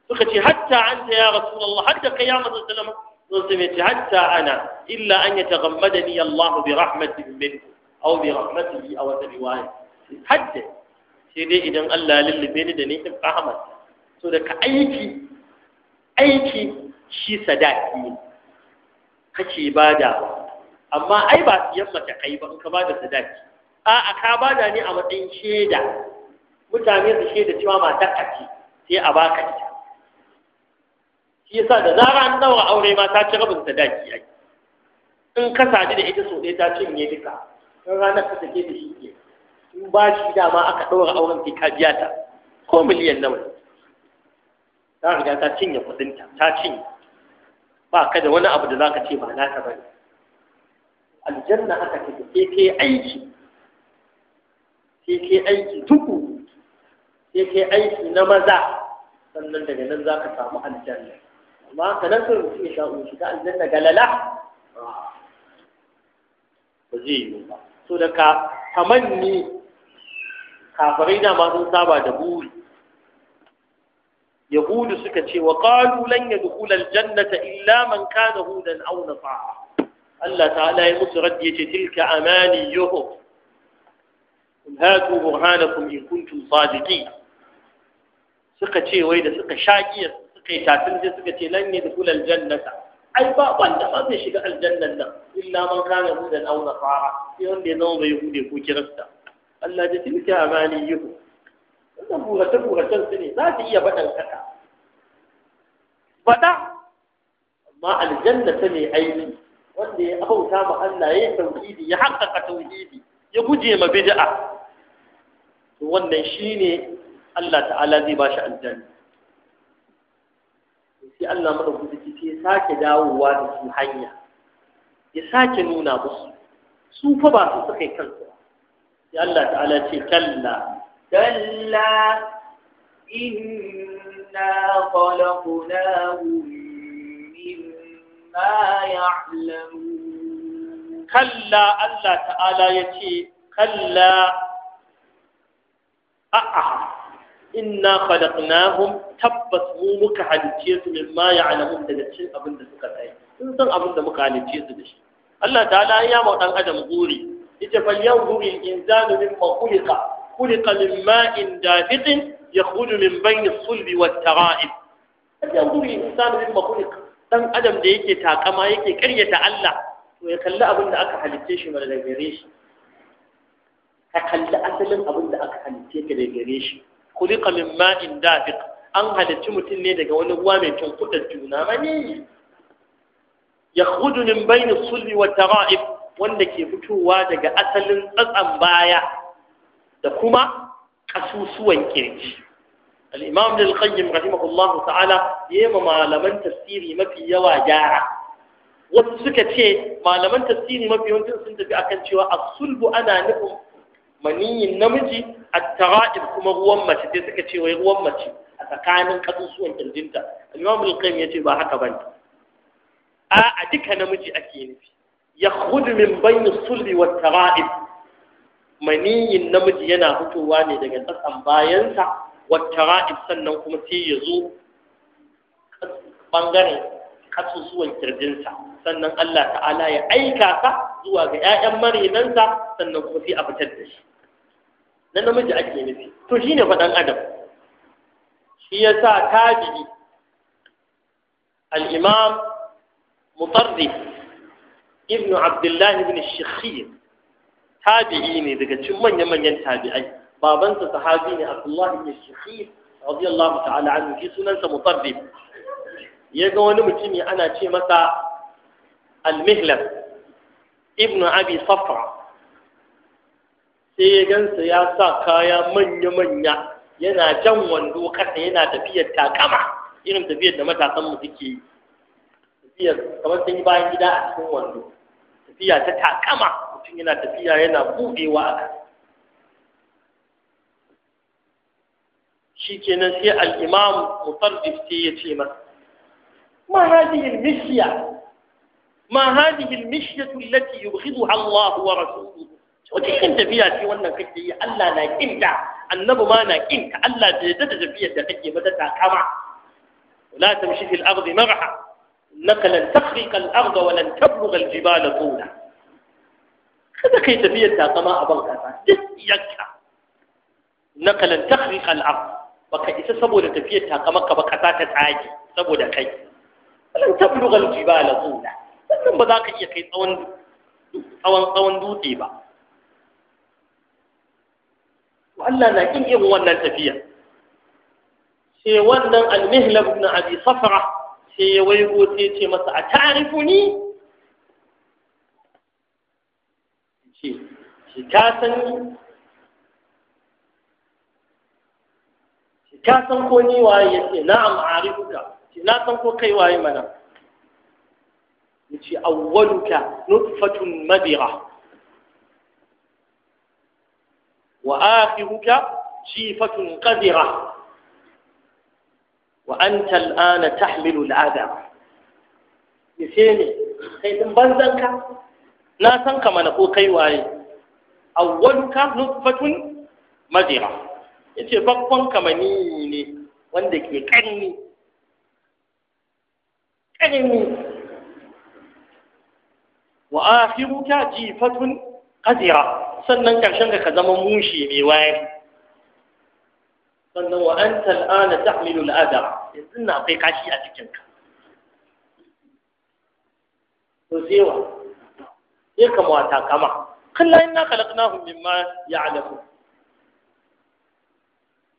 suka ce hatta anta ya rasulullah hatta kai ya manzo sallama sun sai ce hatta ana illa an ya yataghammadani Allah bi rahmatin minhu aw bi rahmatihi aw riwaya hatta sai dai idan Allah ya lullube ni da in rahmat so da ka aiki aiki shi sadaki ne kake bada amma ai ba siyan mace kai ba in ka bada sadaki a'a ka bada ne a matsayin shaida mutane su shaida cewa matar ka ce sai a baka ita shi yasa da zara an daura aure ma ta ci rabin sadaki ai in ka sadu da ita so ɗaya ta cinye duka in ranar ka take da shi ke in ba shi dama aka ɗora auren sai ka biya ta ko miliyan nawa ta riga ta cinye kudinta ta cinye ba ka da wani abu da za ka ce ba na ta bari. aljanna aka ce sai ka aiki sai aiki tuku sai aiki na maza sannan daga nan za ka samu aljanna amma ka nan kai mutum ya sha'u shiga aljanna galala ba zai yi ba so daga tamanni kafirai dama sun saba da buri yahudu suka ce wa qalu lan yadkhula aljannata illa man kana hudan aw nasara Allah ta'ala ya musu raddi yace tilka amani amaniyuhum hatu burhanakum in kuntum sadiqin suka ce wai da suka shaƙiyar suka yi tafin sai suka ce lan ne dukul aljannata ai ba wanda ba zai shiga aljannan nan illa man kana hudan aw nasara sai wanda ya zama bai hude ko kirista Allah ya tilka ku wannan burace buracen su ne za su iya faɗan kaka Baɗa. amma aljanna ta mai aiki wanda ya bauta ma Allah ya yi tauhidi ya haƙƙaƙa tauhidi ya guje ma bid'a to wannan shine Allah ta'ala zai ba shi aljanna sai Allah mana sai ya sake dawowa da su hanya ya sake nuna musu su fa ba su suka yi kansu sai Allah ta'ala ce kalla kalla inna khalaqnahum mimma ya'lamun kalla Allah ta'ala yace kalla a'a inna khalaqnahum tabbas mu muka halice su min ma ya'lamun daga cikin abin da suka tsaye sun san abin da muka halice su da shi Allah ta'ala ya ma dan adam guri yace fal yanzuru al-insanu mimma khuliqa khuliqa min ma'in dafiqin yakhruju min bayni as-sulbi wat-tara'ib fal yanzuru al-insanu mimma khuliqa dan adam da yake takama yake karyata Allah to ya kalli abin da aka halicce shi mara daga gare shi ka kalli asalin abin da aka halicce ka daga gare shi khuliqa min ma'in dafiq an halicci mutum ne daga wani ruwa mai tunkuɗa juna mani yakhruju min bayni as-sulbi wat-tara'ib wanda ke fitowa daga asalin tsatsan baya da kuma kasusuwan kirji al da al qayyim rahimahullah ta'ala yema malaman tasiri mafi yawa gyara wasu suka ce malaman tafsiri mafi yawancin sun tafi akan cewa as-sulbu ana nufin maniyin namiji a taraib kuma ruwan mace sai suka ce wai ruwan mace a tsakanin ƙasusuwan kirjinta al-imam al ya ce ba haka ba ne. a duka namiji ake nufi yakhud min bayni sulbi wat tara'ib maniyin namiji yana fitowa ne daga tsatsan bayansa wat tara'ib sannan kuma sai ya zo bangaren kasusuwan kirjinsa sannan Allah ta'ala ya aika ka zuwa ga 'ya'yan marinansa sannan kuma sai a fitar da shi na namiji ake nufi to shine faɗan adam shi yasa tabi'i al-imam mutarrif ibnu abdullahi ibn shikhir tabi'i ne daga cikin manya-manyan tabi'ai babansa sahabi ne abdullahi ibn shikhir radiyallahu ta'ala anhu shi sunansa mutarrib ya ga wani mutumi ana ce masa al-mihlab ibnu abi safra sai ya gansa ya sa kaya manya-manya yana jan wando kasa yana tafiyar takama irin tafiyar da matasanmu suke tafiyar kamar sun yi bayan gida a cikin wando tafiya ta takama mutum yana tafiya yana buɗewa a shi kenan sai al'imam mutardif sai ya ce ma hadihil ilmishiya. ma ilmishiya mishiyatu allati hidu Allah wa rasuluhu wata irin tafiya ce wannan kake yi Allah na kinta annabu ma na kinta Allah bai da tafiyar da kake ba ta takama la tamshi fil ardi marha innaka lan takhriqa al-ardha wa lan tablugha al-jibala tawla kada kai tafiyar a ban kasa duk iyakka innaka lan takhriqa al isa saboda tafiyar takamarka ba kasa ta tsage saboda kai lan tablugha al-jibala tawla sannan ba za ka iya kai tsawon dutse ba Allah irin wannan tafiya sai Almihla na mihlab safra sai ya waigo sai ce masa a ta'arifu ni ce shi ka san ni shi ka san ko ni waye ya ce ma'arifu ka shi na san ko kai waye mana ya ce awwaluka nutfatun madira wa akhiruka fatun qadira wa anta al'ana tahmilu al'ada yace ne kai din banzan ka na san ka mana ko kai waye awwaluka nutfatun madira yace farkon ka mani ne wanda ke karni karni sannan karshen ka ka zama mushi mai wayar sannan wa anta al'ana tahmilu al'adha yanzu na akwai kashi a cikin ka to sewa ya ka mawata kama kalla min khalaqnahum mimma ya'lamu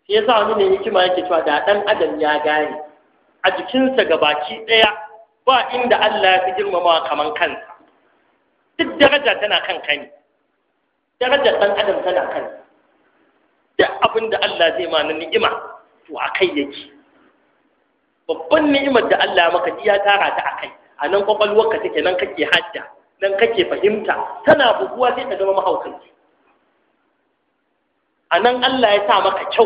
ya yasa wani ne hikima yake cewa da dan adam ya gane a jikinsa gabaki ɗaya, ba inda Allah ya fi girmamawa kaman kansa duk daraja tana kan kani darajar dan adam tana kansa duk abin da Allah zai ma ni'ima to a kai yake babban ni'imar da Allah maka ya tara ta a kai a nan kwakwalwarka take nan kake hadda nan kake fahimta tana buguwa sai ka zama mahaukaci a nan Allah ya sa maka kyau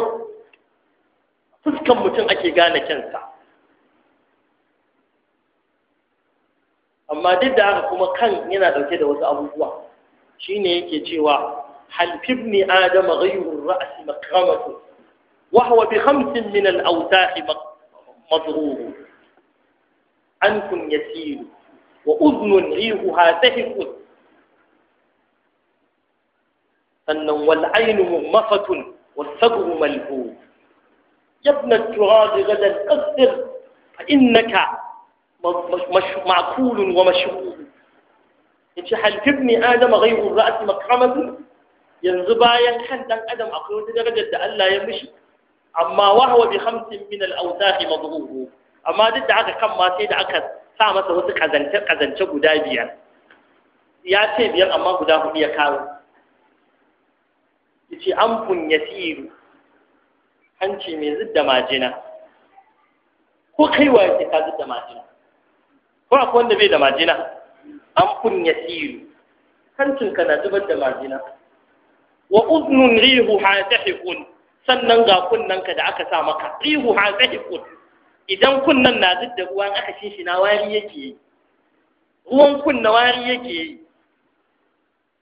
fuskan mutum ake gane kyansa amma duk da haka kuma kan yana ɗauke da wasu abubuwa shine yake cewa هل في ابن آدم غير الرأس مكرمة وهو بخمس من الأوساخ مضروب أنف يسير وأذن ريحها تهف فن والعين مغمصة والصدر ملهوب يا ابن التراب غدا قدر فإنك معقول ومشغول انت هل في ابن آدم غير الرأس مكرمة yanzu bayan kan dan adam akwai wata darajar da Allah ya mishi amma wahwa bi khamsin min al-awsakh madhuhu amma duk da aka kan ma sai da aka sa masa wasu kazance kazance guda biyar ya ce biyar amma guda hudu ya kawo yace an funyasiru hanci mai zidda majina ko kai wa yake ka zidda majina ko akwai wanda bai da majina an funyasiru hancinka na zubar da majina wa udnun rihu ha tahifun sannan ga kunnanka da aka sa maka rihu ha tahifun idan kunnan na zidda ruwan aka shi na wari yake ruwan kunna wari yake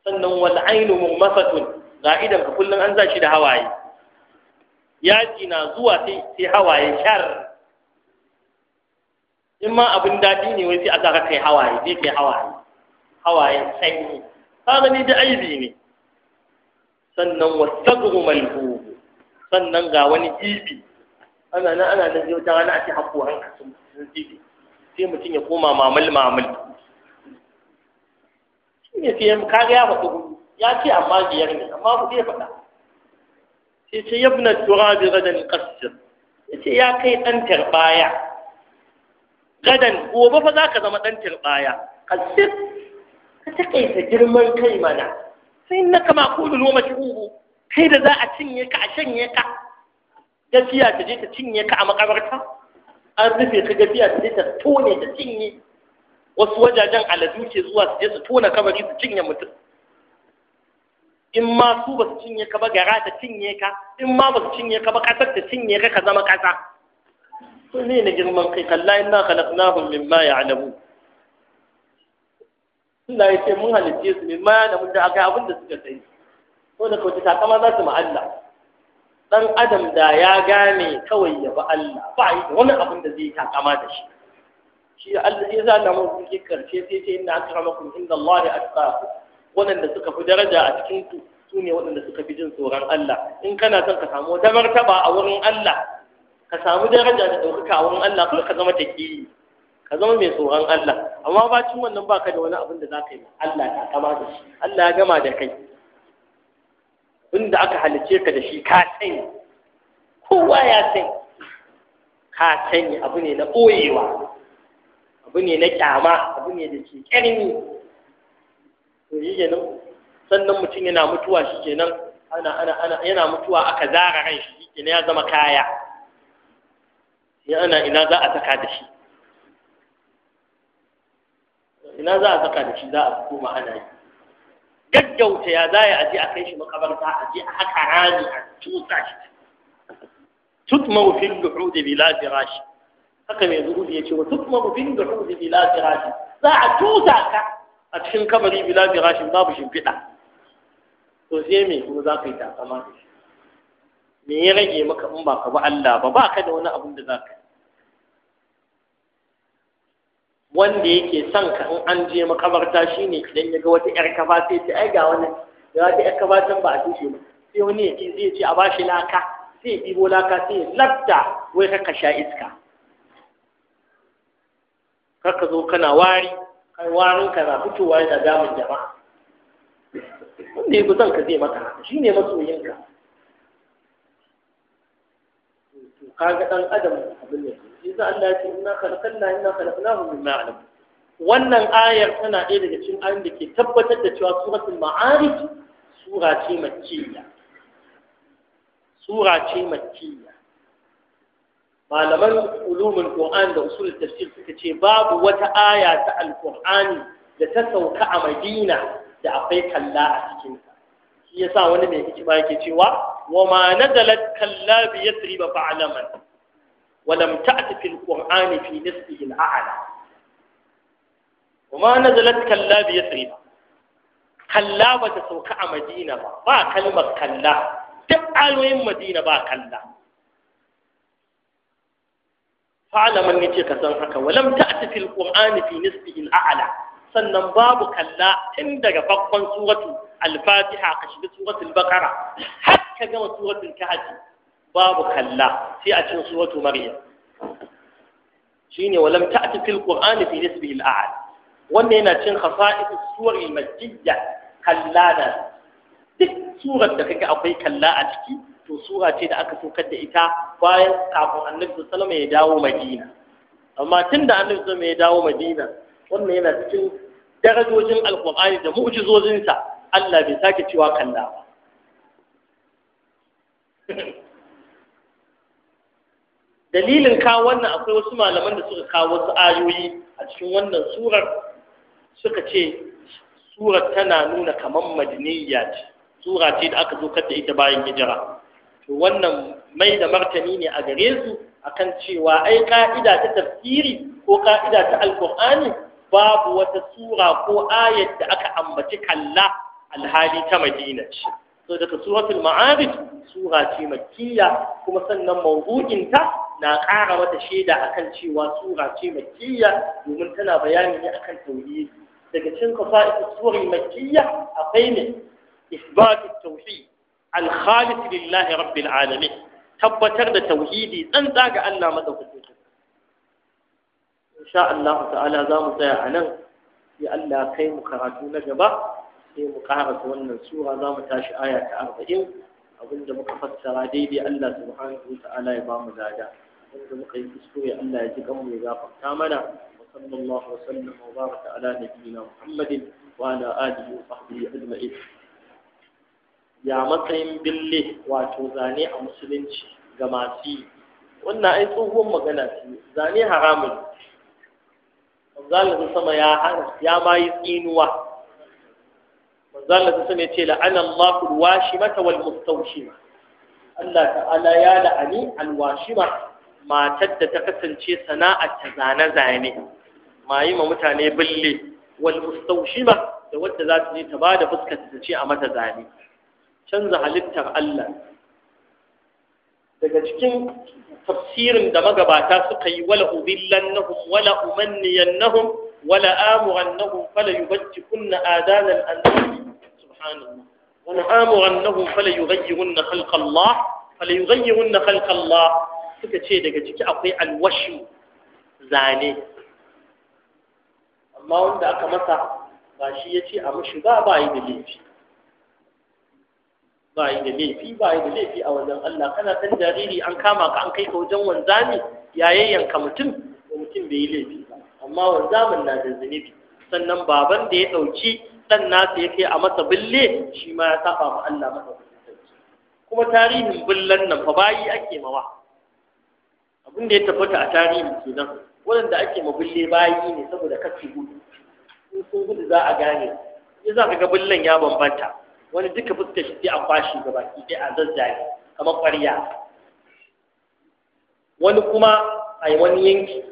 sannan wal ainu mumasatun ga idan ka kullun an zashi da hawaye yaji na zuwa sai sai hawaye shar in ma abin daɗi ne wai sai a zaka kai hawaye sai kai hawaye hawaye sanyi kaga ni da aibi ne sannan wattaqu malhu sannan ga wani i'bi, ana nan ana nan yau rana a ce hakko hanka sun ibi sai mutum ya koma mamul mamul shi ne sai ga ya faɗi ya ce amma biyar ne amma hudu ya faɗa sai ce yabna turabi gadan Ya ce ya kai dan tarbaya gadan gobe fa zaka zama dan tarbaya qassir ka taƙaita girman kai mana Sai kama innaka maqulun wa majhul kai da za a cinye ka a shanye ka gafiya ta je ta cinye ka a makabarta an rufe ka gafiya ta je ta tone ta cinye wasu wajajen aladu ke zuwa su je su tona kabari su cinye mutum in ma su ba su cinye ka ba gara ta cinye ka in ma ba su cinye ka ba kasar ta cinye ka ka zama kasa Sun ne na girman kai kallahi inna khalaqnahum mimma ya'lamun Allah ya sai mun halitte su ne ma da mutum akai abin da suka sani ko da ta kama za su ma Allah dan adam da ya gane kawai ya bi Allah ba yi da wani abin da zai ta kama da shi shi Allah ya sa da mu suke karshe sai ce inna akramakum inda Allah ya atqaku waɗanda suka fi daraja a cikin ku su ne waɗanda suka fi jin tsoron Allah in kana son ka samu wata martaba a wurin Allah ka samu daraja da ɗaukaka a wurin Allah kuma ka zama taƙi ka zama mai tsoron Allah amma ba cin wannan baka da wani abin da za ka yi Allah ta kama da shi Allah ya gama da kai inda aka halice ka da shi ka sani kowa ya sani ka sani abu ne na ɓoyewa abu ne na kyama abu ne da ke ƙarni to shi nan sannan mutum yana mutuwa shi kenan ana ana ana yana mutuwa aka zara ran shi kenan ya zama kaya ya ana ina za a saka da shi ina za a saka da shi za a koma ana yi gaggauta ya zaya a aje a kai shi makabarta a je a haka rami a tutsa shi tutmau fil luhud bila firash haka mai zuhud ya ce wa tutmau fil luhud bila firash za a tutsa ka a cikin kabari bila firash babu shimfiɗa to sai me kuma za ka yi takama me ya rage maka in ba ka bi Allah ba ba ka da wani abin da za ka yi wanda yake son ka in an je makabarta shine idan ya ga wata yar kafa sai ce ai ga wannan ga wata yar kafa can ba a tushe ba sai wani ya ce zai ce a bashi laka sai ya ɗibo laka sai ya lafta wai ka sha iska Kar ka zo kana wari kai warin ka na fitowa yana damun jama'a wanda ya son ka zai maka shi ne Ka ga ɗan adam abin ne shi Allah ya ce inna khalaqna inna khalaqnahu min ma'lam wannan ayar tana ɗaya daga cikin ayoyin da ke tabbatar da cewa suratul ma'arij sura ce makkiyya sura ce makkiyya malaman ulumul qur'an da usul tafsir suka ce babu wata aya ta alqur'ani da ta sauka a madina da akwai kalla a cikin shi yasa wani mai hikima yake cewa wa ma nazalat kalla bi yasriba fa'alaman ولم تأت في القرآن في نسبه الأعلى وما نزلت كلا بيثرب كلا بتسوكع مدينة با كلمة كلا تعالوا مدينة با كلا فعلم أن يتيك سنحك ولم تأت في القرآن في نسبه الأعلى sannan babu kalla tun daga farkon suratu al-fatiha ka shiga suratul baqara har ka gama suratul kahfi babu kalla sai a cikin suratu maryam shine walam ta'ti fil qur'ani fi nisbihi al-a'la wannan yana cin khasa'is suwar al-makkiyya kallana duk surar da kake akwai kalla a ciki to sura ce da aka saukar da ita bayan kafin annabi sallallahu ya dawo madina amma tun da annabi sallallahu ya dawo madina wannan yana cikin darajojin alqur'ani da mu'jizozinsa Allah bai sake cewa kalla ba dalilin kawo wannan akwai wasu malaman da suka kawo wasu ayoyi a cikin wannan surar suka ce surar tana nuna kamar madaniya ce sura ce da aka zokar da ita bayan hijira to wannan mai da martani ne a gare su akan cewa ai ka'ida ta tafsiri ko ka'ida ta alkur'ani babu wata sura ko ayat da aka ambaci kalla alhali ta madina ce so daga suratul ma'arij sura ce makkiya kuma sannan mawdu'inta na ƙara wata shaida akan cewa sura ce makiyya domin tana bayani ne akan tauhidi daga cikin kafa'is suri makiyya akwai ne isbat tauhid al-khalis lillahi rabbil alamin tabbatar da tauhidi tsantsa ga Allah madaukakin insha Allah ta'ala za mu tsaya a nan sai Allah kai mu karatu na gaba sai mu ƙara karanta wannan sura za mu tashi aya ta arba'in abinda muka fassara daidai Allah subhanahu wa ta'ala ya ba mu dada wanda muka yi kuskure Allah ya ji kanmu ya gafarta mana wa sallallahu wa sallam wa baraka ala nabiyina Muhammadin wa ala alihi wa sahbihi ajma'in ya matsayin bille wato zane a musulunci ga masu wannan ai tsohon magana ce zane haramun manzalin sama ya ya ma yi tsinuwa manzalin sama ya ce la'ana Allahu mata wal mustawshima Allah ta'ala ya la'ani alwashima matar da ta kasance sana'ar ta zane-zane ma yi ma mutane bille wal mustaushima da wadda za ta je ta ba da fuskar ta ce a mata zane canza halittar Allah daga cikin tafsirin da magabata suka yi wala ubillannahum wala umanniyannahum wala amurannahum fala yubajjikunna adanan annabi subhanallah wala amurannahum fala yughayyirunna khalqa Allah fala yughayyirunna khalqa Allah suka ce daga ciki akwai alwashi zane amma wanda aka masa ba shi ya ce a mashi ba ba yi da laifi ba yi da laifi ba yi da laifi a wajen Allah kana ɗan jariri an kama ka an kai ka wajen wanzami ya yayyanka mutum mutum bai yi laifi ba amma wanzamin na da zunubi sannan baban da ya ɗauki ɗan nasa ya kai a masa bille shi ma ya saba ma Allah masa kuma tarihin billan nan fa bayi ake mawa abin da ya tabbata a tarihi kenan waɗanda ake mabulle bayi ne saboda kashe gudu in sun gudu za a gane ya za ka ga bullen ya bambanta wani duka fuskar shi a kwashe ga baki ɗaya a zazzare kamar ƙwarya wani kuma a yi wani yanki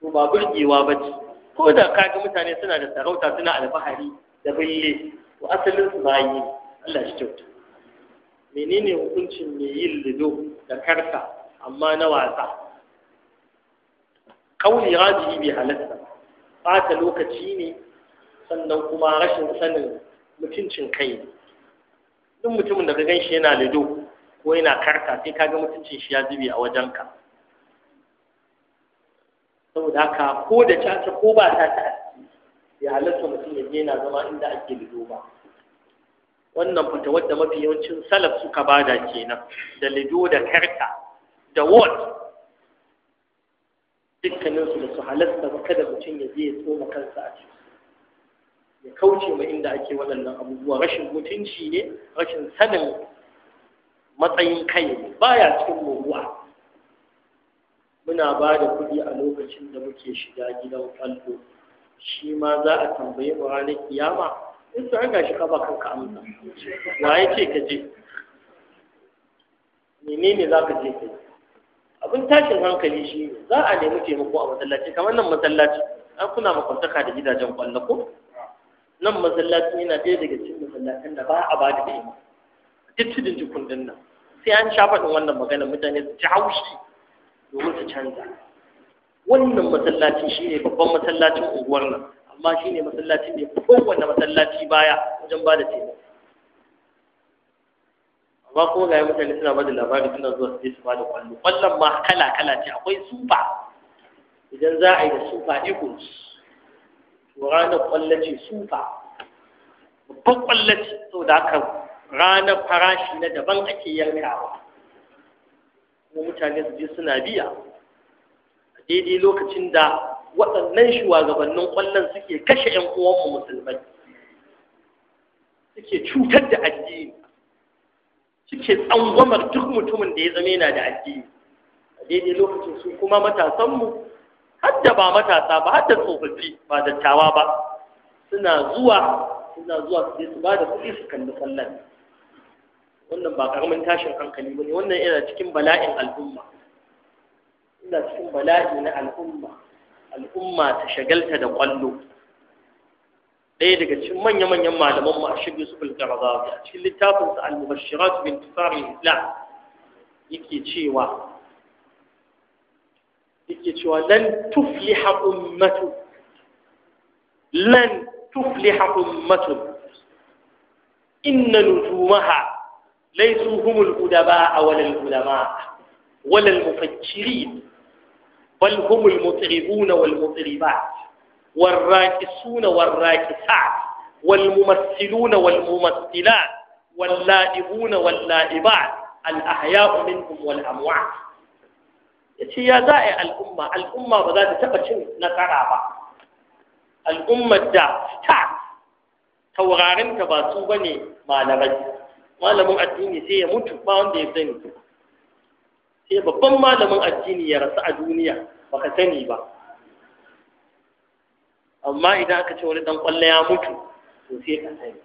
to ba burgewa ba ce ko da ka ga mutane suna da sarauta suna alfahari da bulle to asalin su bayi ne Allah shi kyauta menene hukuncin mai yin lido da karsa amma na wasa kauli rajihi bai halatta fata lokaci ne sannan kuma rashin sanin mutuncin kai duk mutumin da ka ganshi yana lido ko yana karta sai ka ga mutuncin shi ya zube a wajenka saboda haka ko da caca ko ba ta ta ya halatta mutum ya yana zama inda ake lido ba wannan fata wadda mafi yawancin salaf suka bada kenan da lido da karta da ward dukkaninsu da su halasta ba kada mutum ya je ya tsoma kansa a ciki ya kauce ma inda ake waɗannan abubuwa rashin mutunci ne rashin sanin matsayin kai ne baya cikin mawuwa muna ba da kuɗi a lokacin da muke shiga gidan kwallo shi ma za a tambayi mu ranar kiyama in su haka shi kaba kanka amsa wa ya ce ka je menene za ka je ka yi abin tashin hankali shi za a nemi taimako a masallaci kamar nan masallaci an kuna makwantaka da gidajen kwallo ko nan masallaci yana ɗaya daga cikin masallacin da ba a ba da taimako duk tudun jikundin nan sai an sha faɗin wannan magana mutane su ci haushi domin su canza wannan masallacin shi ne babban masallacin unguwar nan amma shi ne masallacin ne kowanne masallaci baya wajen ba da taimako amma kuma ga mutane suna ba da labari suna zuwa su je su da kwallo wannan ma kala kala ce akwai sufa idan za a yi da sufa eagles ranar sufa babban kwallo ce da aka ranar farashi na daban ake yankawa kuma mutane su je suna biya a daidai lokacin da waɗannan shugabannin kwallon suke kashe 'yan uwanmu musulmai suke cutar da addini suke tsangwamar duk mutumin da ya zama yana da addini a daidai lokacin su kuma matasanmu hadda ba matasa ba hadda tsofaffi ba dattawa ba suna zuwa suna zuwa su su ba da kuɗi su kalli sallar wannan ba karamin tashin hankali ba ne wannan yana cikin bala'in al'umma ina cikin bala'i na al'umma al'umma ta shagalta da ƙwallo. ɗaya daga cikin manya-manyan malaman mu a shirya su bulgarazawi a cikin littafinsa al-mubashirat bin tufarin islam yake cewa yake cewa lan tufliha ummatu lan tufliha ummatu inna nujumaha laysu humul udaba wala al-ulama wala al-mufakkirin bal humul mutribuna wal mutribat والراكسون والراكسات والممثلون والممثلات واللائبون واللائبات الأحياء منهم والأموات yace ya za a al'umma al'umma ba za ta taɓa cin nasara ba Al'umma da ta taurarinta ba su ba ne malamai addini sai ya mutu ba wanda ya babban malamin addini ya rasu a duniya ba ka sani ba amma idan aka ce wani dan kwallo ya mutu to sai ka sani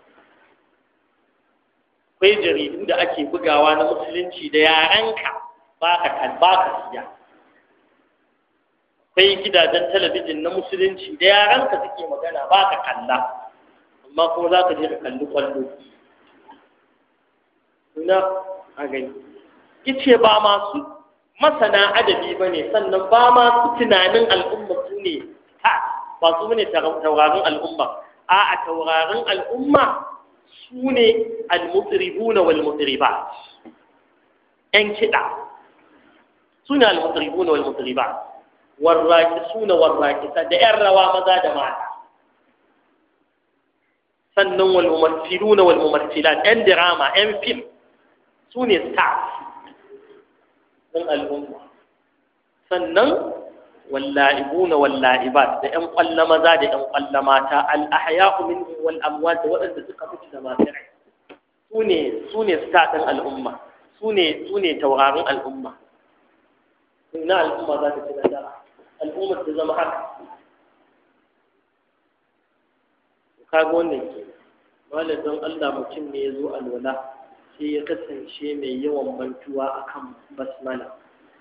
akwai jaridu da ake bugawa na musulunci da yarenka ba ka kan ba ka siya akwai gidajen talabijin na musulunci da yarenka suke magana ba ka kalla amma kuma za ka je ka kalli kwallo na a gani kice ba masu masana adabi ba ne sannan ba masu tunanin al'ummatu ne ta ba su ne taurarin al'umma a a taurarin al'umma su ne al na wal mutriba yan kiɗa su ne al na wal mutriba warraki su ne ta da yan rawa maza da mata sannan wal na wal mumathilat yan dirama, yan fim su ne stars din al'umma sannan walla'ibuna walla'ibat da ƴan ƙwalla maza da ƴan ƙwalla mata al-ahya'u minhum wal amwat waɗanda suka mutu da masu sune sune stadin al'umma sune taurarin al'umma ina al'umma za ta ci nasara al'umma ta zama haka kaga ke don Allah mutum ne ya zo alwala sai ya kasance mai yawan mantuwa akan basmala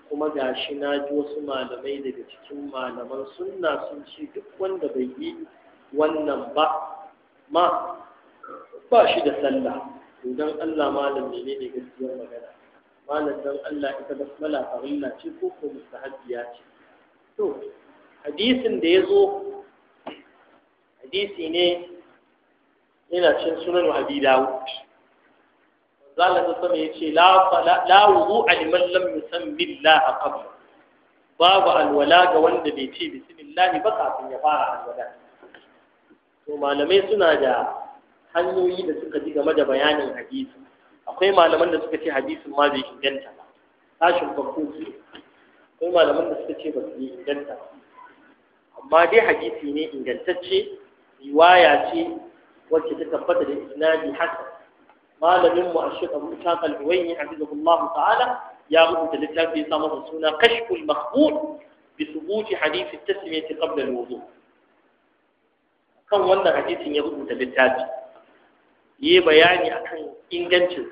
kuma ga shi na ji wasu malamai daga cikin malaman sunna sun ce duk wanda bai yi wannan ba ma ba shi da sallah to dan Allah malam ne ne gaskiyar magana malam dan Allah ita basmala farilla ce ko ko mustahabiya ce to hadisin da yazo hadisi ne yana cin sunan Abi Dawud Za ta sama me yace, la wuzu aliman lam yusammi Allah qabla babu alwala ga wanda bai ce bismillah ba kafin ya fara alwala to malamai suna da hanyoyi da suka ji game da bayanin hadisi akwai malaman da suka ce hadisin ma bai inganta ba tashin farko ce akwai malaman da suka ce ba su inganta ba amma dai hadisi ne ingantacce riwaya ce wacce ta tabbata da isnadi hasan malamin mu a shiga musa kalbuwaini a cikin Allah ta'ala ya rubuta littafi ya samu suna kashful mahmud bi subuti hadisi tasmiyati qabla al kan wannan hadisin ya rubuta littafi yi bayani akan ingancin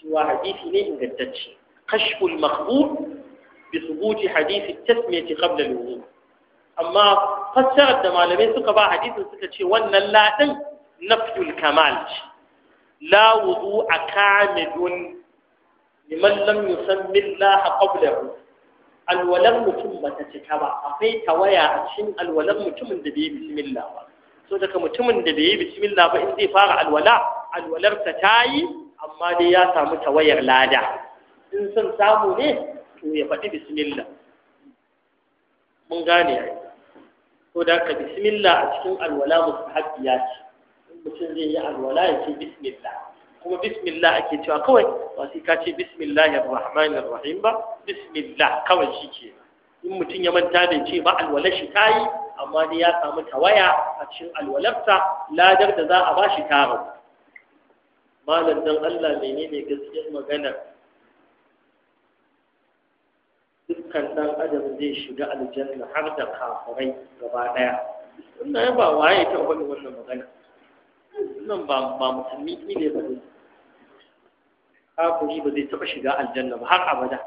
cewa hadisi ne ingantacce kashful mahmud bi subuti hadisi tasmiyati qabla al amma fassarar da malamai suka ba hadisin suka ce wannan ladin nafyul kamal ce la wudu a kamidun liman lam yusammi Allah qablahu alwalar mutum ba ta cika ba akwai tawaya a cikin alwalar mutumin da bai yi ba so daga mutumin da bai yi bismillah ba in zai fara alwala alwalar ta tayi amma dai ya samu tawayar lada in son samu ne to ya faɗi bismillah mun gane ai so da ka bismillah a cikin alwala mustahabbiya ce mutum zai yi alwala ya ce bismillah kuma bismillah ake cewa kawai ba sai ka ce bismillahir rahmanir rahim ba bismillah kawai shi ke in mutum ya manta da ce ba alwalar shi ta yi amma dai ya samu tawaya a cikin alwalarsa ladar da za a ba shi taro malam dan Allah menene gaskiyar magana dukkan dan adam zai shiga aljanna har da kafirai gaba daya wannan ba waye ta wani wannan magana nan ba ba mutumi ne ba haka ji ba zai taba shiga aljanna ba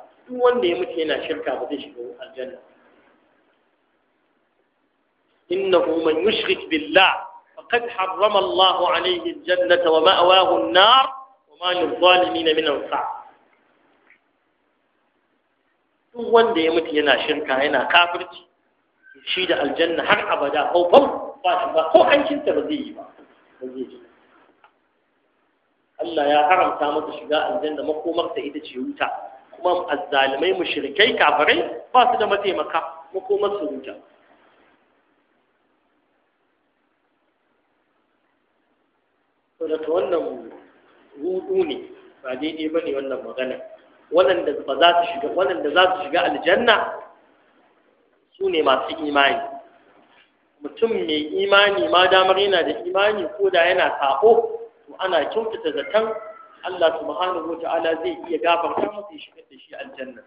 إنه من يشرك بالله فقد حرم الله عليه الجنة ومأواه النار وما للظالمين من أنصار. وان دي يموت ينا شركا ينا كافرتي يشيد الجنة حق أبدا هو فوق فاشبا هو أنشن ba Allah ya haramta masa shiga aljanna ta ita ce wuta kuma azzalimai mushrikai kafirai ba su da mataimaka makomar su wuta da wannan rudu ne ba daidai ba ne wannan magana wanda ba za su shiga Wanda za su shiga aljanna su ne masu imani mutum mai imani ma damar yana da imani ko da yana sako to ana kyautata zaton Allah subhanahu wa zai iya gafarta masa ya shigar da shi aljanna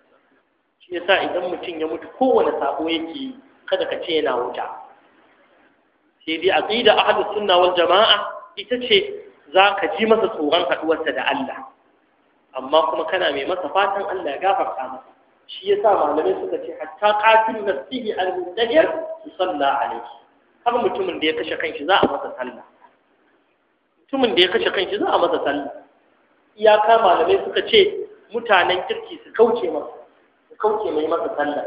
shi yasa idan mutum ya mutu kowane sako yake kada ka ce yana wuta sai dai aqida ahlus sunna wal jama'a ita ce za ka ji masa tsoron haɗuwarsa da Allah amma kuma kana mai masa fatan Allah ya gafarta masa shi yasa malamai suka ce hatta qatil nafsihi al-mudajjal yusalla alayhi har mutumin da ya kashe kanshi za a masa sallah mutumin da ya kashe kanshi za a masa sallah iyaka malamai suka ce mutanen kirki su kauce masa su kauce mai masa sallah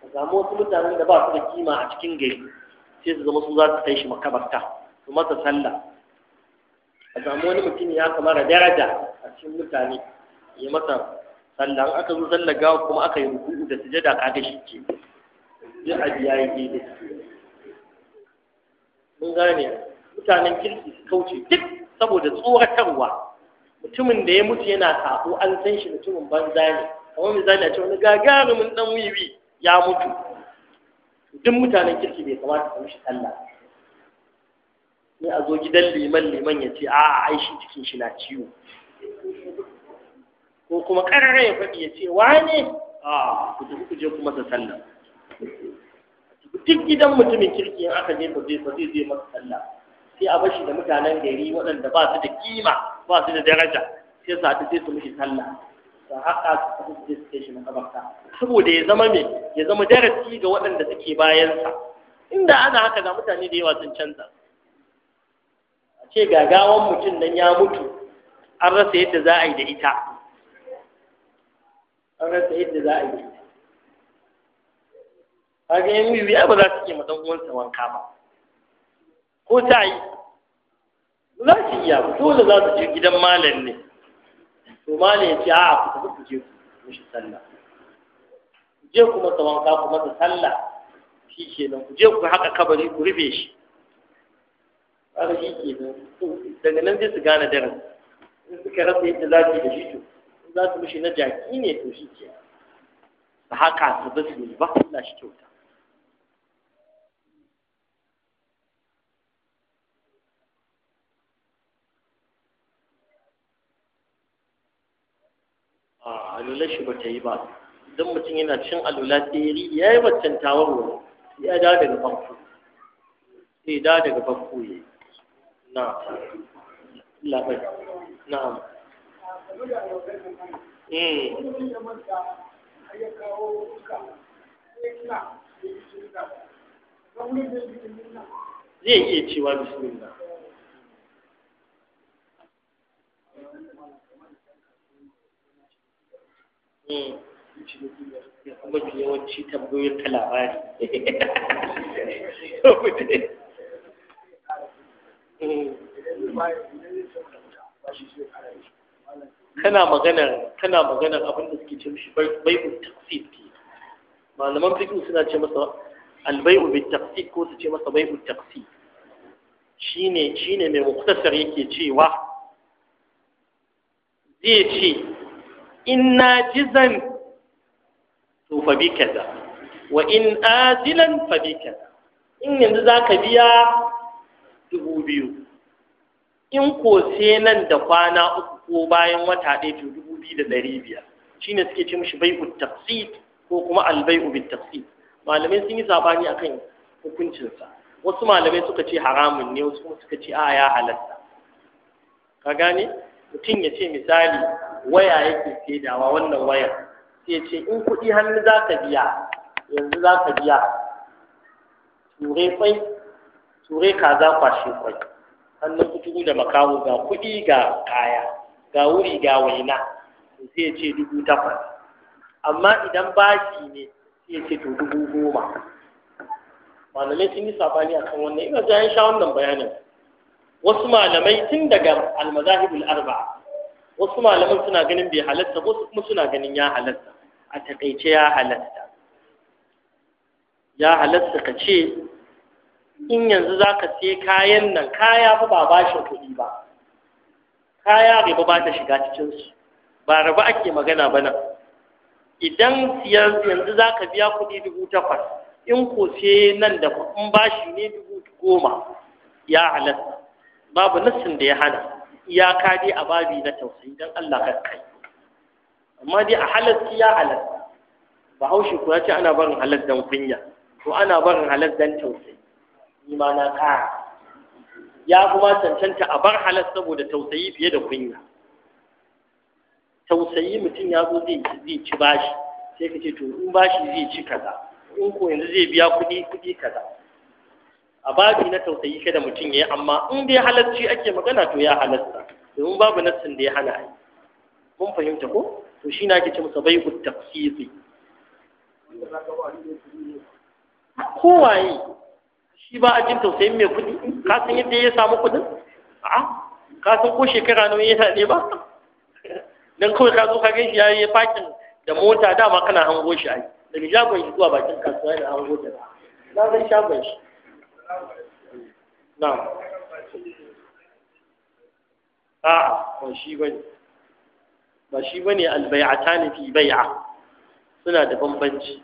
ka samu wasu mutanen da ba su da kima a cikin gari sai su zama su za su kai shi makabarta su masa sallah a samu wani mutum ya da daraja a cikin mutane ya masa sallah an aka zo sallah gawa kuma aka yi rukuku da sujada kaga shi ke duk yake da shi mun gane mutanen kirki su kauce duk saboda tsoratarwa mutumin da ya mutu yana sako an san shi mutumin banza ne kamar misali a ce wani gagarumin dan wiwi ya mutu duk mutanen kirki bai kamata su mishi sallah ne a zo gidan liman liman ya ce a'a ai shi cikin shi na ciwo ko kuma karare ya faɗi ya ce wane a ku tafi ku je ku masa sallah duk gidan mutumin kirki in aka jefa zai fa zai zai masa sallah sai a bashi da mutanen gari waɗanda ba su da kima ba su da daraja sai su haɗu sai su mishi sallah su haƙa su tafi su su kai shi makabarta saboda ya zama me ya zama darasi ga waɗanda suke bayansa inda ana haka da mutane da yawa sun canza a ce gagawan mutum nan ya mutu an rasa yadda za a yi da ita an rasa yadda za a yi kaga yin wiwi ai ba za su iya ma dan uwansa wanka ba ko ta yi za su iya dole za su je gidan malam ne to malam ya ce a'a a tafi ku je ku mishi sallah ku je ku masa wanka ku masa sallah shi kenan ku je ku haka kabari ku rufe shi kaga shi su, daga nan zai su gane darasi in suka rasa yadda za su yi da shi to za su mishi na jaki ne to shi Ba haka su yi ba Allah shi kyauta alula shi ba ta yi ba idan mutum yana cin alula tsiri ya yi waccan tawarwa ya da daga farko sai da daga farko ya na labar na zai iya cewa bismillah mafi yawanci tambayoyin ta labari kana maganar kana abin da suke ce mishi bai'u taqsid ke malaman fiqh suna ce masa al-bai'u ko su ce masa bai'u taksi, shine shine mai muktasar yake cewa zai ce in na to fa bi kaza wa in ajilan fa bi kaza in yanzu zaka biya dubu biyu in ko sai nan da kwana uku ko bayan wata ɗaya to dubu biyu da ɗari biyar shine suke ce mishi ko kuma albai'u malamai sun yi sabani akan hukuncinsa wasu malamai suka ce haramun ne wasu kuma suka ce a ya halatta ka gane mutum ya ce misali waya yake saidawa wannan waya sai ce in kuɗi hannu za ka biya yanzu za ka biya ture kwai ture kaza kwashe kwai hannun kuturu da makaho ga kuɗi ga kaya ga wuri ga waina sai ce dubu takwas amma idan baki ne sai ce to dubu goma malamai sun yi sabani kan wannan ina ga sha wannan bayanin wasu malamai tun daga almazahibul arba'a wasu malaman suna ganin bai halatta wasu kuma suna ganin ya halatta a taƙaice ya halatta ya halatta ka ce in yanzu za ka sai kayan nan kaya fa ba bashin kuɗi ba kaya bai ba ta shiga cikinsu ba rabu ake magana ba nan idan yanzu za ka biya kuɗi dubu takwas in ko sai nan da in bashi ne dubu goma ya halatta babu nassin da ya hana iyaka dai a babi na tausayi don Allah ka kai amma dai a halatta ya halatta bahaushe ko ya ce ana barin halal kunya to ana barin halal tausayi ni ma na ƙara ya kuma cancanta a bar halal saboda tausayi fiye da kunya tausayi mutum ya zo zai zai ci bashi sai ka ce to in bashi zai ci kaza in ko yanzu zai biya kuɗi kuɗi kaza a babi na tausayi kada mutum ya yi amma in dai halarci ake magana to ya halarta domin babu nassin da ya hana yi mun fahimta ko to shi na ke ce masa bai ku tafsiri kowaye shi ba a jin tausayin mai kuɗi ka san yadda ya samu kuɗin a ka san ko shekara nawa ya tade ba dan kawai ka zo ka gan shi ya yi fakin da mota dama kana hango shi ai daga shagon shi zuwa bakin kasuwa yana hango ta na san shagon shi na ba shi ba ba shi ba ne albayata ne fi bai'a suna da bambanci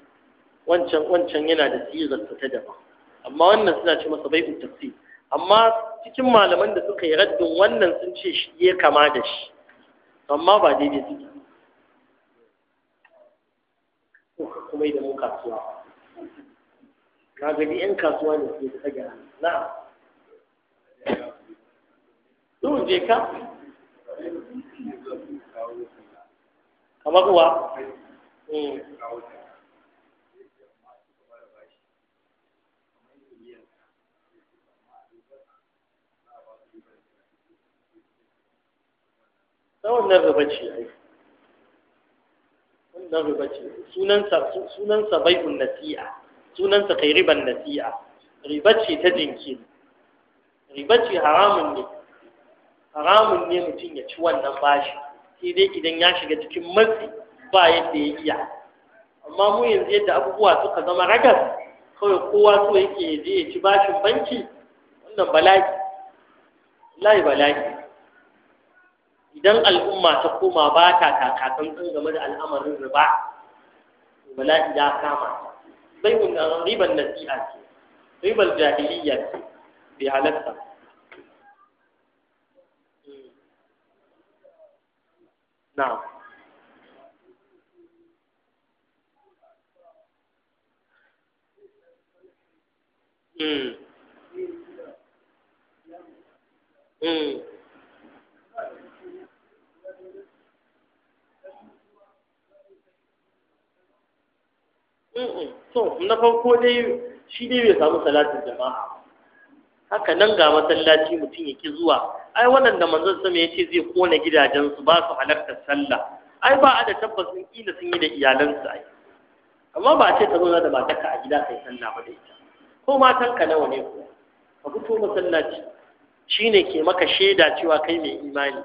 wancan wancan yana da siyar ta daba, amma wannan suna ce masa bai'u tafsir amma cikin malaman da suka yi raddin wannan sun ce shi ya kama da shi amma ba daidai suke kuma idan mun kasuwa ka gani yan kasuwa ne ke ta gara na duhun je ka kamar ruwa ta eh. wannan ce wannan raba ce sunansa bai nasi'a sunansa kai riban nasi'a ce ta Riba ce haramun ne haramun ne mutum ya ci wannan bashi sai dai idan ya shiga cikin matsi ba yadda ya iya amma mu yanzu yadda abubuwa suka zama ragas kawai kowa so yake ya je ya ci bashin banki wannan bala'i wallahi bala'i idan al'umma ta koma ba ta takakan game da al'amarin riba bala'i ya kama ta طيب ريب النسيئة ريب الجاهلية في حالتها نعم امم to na farko dai shi dai bai samu salatin jama'a haka nan ga masallaci mutum ya ki zuwa ai waɗanda manzon sama ya ce zai kona gidajensu ba su halartar sallah ai ba a da tabbas sun kila sun yi da iyalansu ai amma ba a ce ka zauna da matarka a gida kai sallah ba da ita ko matanka nawa ne ko ka fito masallaci shine ke maka shaida cewa kai mai imani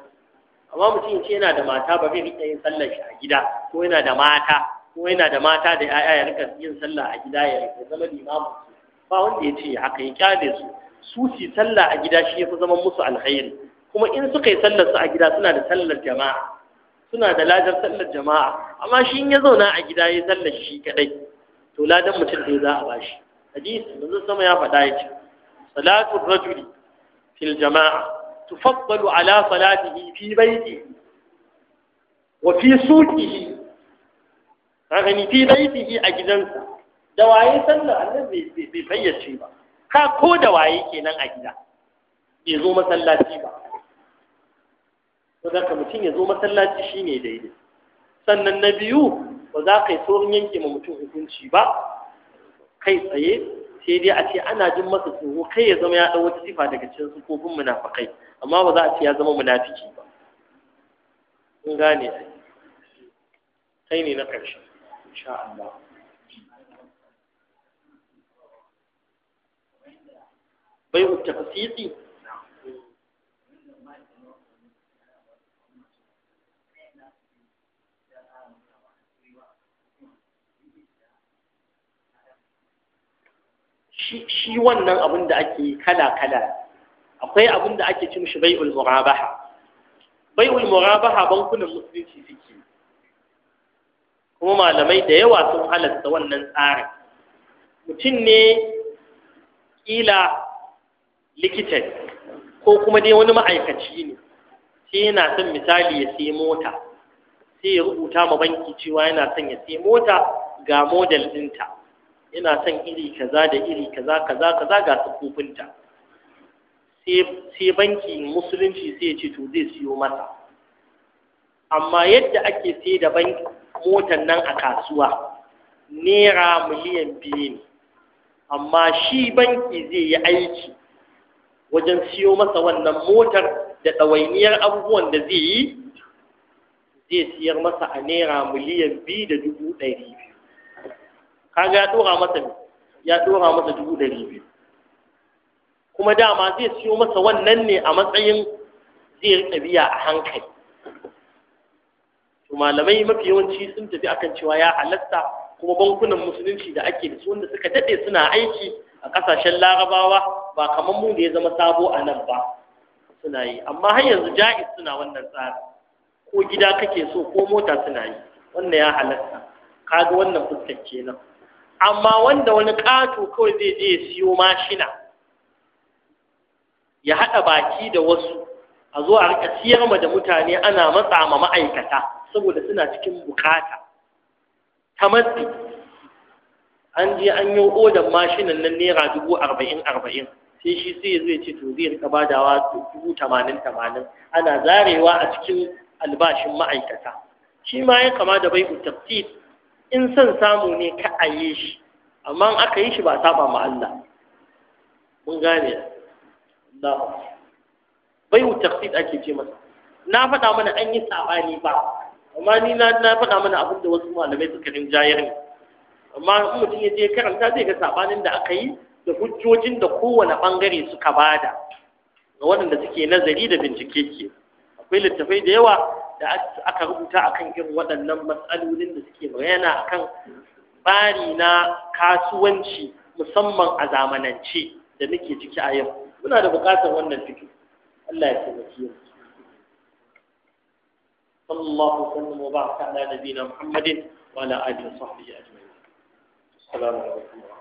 amma mutum ya ce yana da mata ba zai riƙe yin sallah shi a gida ko yana da mata ko yana da mata da yaya ya rika yin sallah a gida ya rika zama limamu ba wanda ya ce haka ya kyale su su su sallah a gida shi yafi zaman musu alkhairi kuma in suka yi sallar su a gida suna da sallar jama'a suna da ladar sallar jama'a amma shi in ya zauna a gida ya sallar shi kadai to ladan mutum ne za a bashi hadisi manzo sama ya faɗa ya ce salatu rajuli fil jama'a tufaddalu ala salatihi fi baiti wa fi suqihi ragani fi baitihi a gidansa da waye sallar annabi bai fayyace ba ka ko da waye kenan a gida bai zo masallaci ba to da ka mutum ya zo masallaci shine daidai sannan na biyu ba za ka yi saurin yanke ma mutum hukunci ba kai tsaye sai dai a ce ana jin masa tsoro kai ya zama ya ɗau wata sifa daga cikin bin munafakai amma ba za a ce ya zama munafiki ba kun gane kai ne na ƙarshe إن شاء الله بيع التقسيط shi wannan abin da ake kala-kala akwai abin da ake cin shi bai'ul murabaha bai'ul murabaha bankunan musulunci suke kuma malamai da yawa sun halatta wannan tsarin mutum ne kila likita ko kuma dai wani ma'aikaci ne sai yana son misali ya sai mota sai ya rubuta ma banki cewa yana son ya sai mota ga model ɗinta yana son iri kaza da iri kaza kaza kaza ga sufufinta sai banki musulunci sai ya ce to zai siyo masa amma yadda ake sai da banki motan nan a kasuwa naira miliyan biyu ne amma shi banki zai yi aiki wajen siyo masa wannan motar da ɗawainiyar abubuwan da zai yi zai siyar masa a naira miliyan biyu da dubu ɗari biyu kaga ya ɗora masa ya ɗora masa dubu ɗari biyu kuma dama zai siyo masa wannan ne a matsayin zai riƙa biya a hankali malamai mafi yawanci sun tafi akan cewa ya halatta kuma bankunan musulunci da ake da su wanda suka dade suna aiki a kasashen larabawa ba kamar mu da ya zama sabo a nan ba suna yi amma har yanzu ja'iz suna wannan tsari ko gida kake so ko mota suna yi wannan ya halatta kaga wannan fuskar kenan amma wanda wani ƙato kawai zai je ya siyo mashina ya haɗa baki da wasu a zo a rika siyar ma da mutane ana matsa ma ma'aikata saboda suna cikin bukata ta matsi an je an yi odan mashinan nan naira dubu arba'in arba'in sai shi sai zai ce to zai rika badawa dubu tamanin tamanin ana zarewa a cikin albashin ma'aikata shi ma ya kama da bai tafsir in son samu ne ka a yi shi amma aka yi shi ba saba ma Allah mun gane Allah bai tafsir ake ce masa na faɗa mana an yi sabani ba amma ni na na faɗa mana abin da wasu malamai suka jayar ne amma in mutum ya je karanta zai ga sabanin da aka yi da hujjojin da kowane bangare suka bada ga waɗanda suke nazari da bincike ke akwai littafai da yawa da aka rubuta akan irin waɗannan matsalolin da suke bayana akan bari na kasuwanci musamman a zamanance da muke ciki a yau muna da buƙatar wannan fito Allah ya taimake mu sallallahu alaihi wa baraka ala nabiyina muhammadin wa ala alihi wa sahbihi ajma'in assalamu alaikum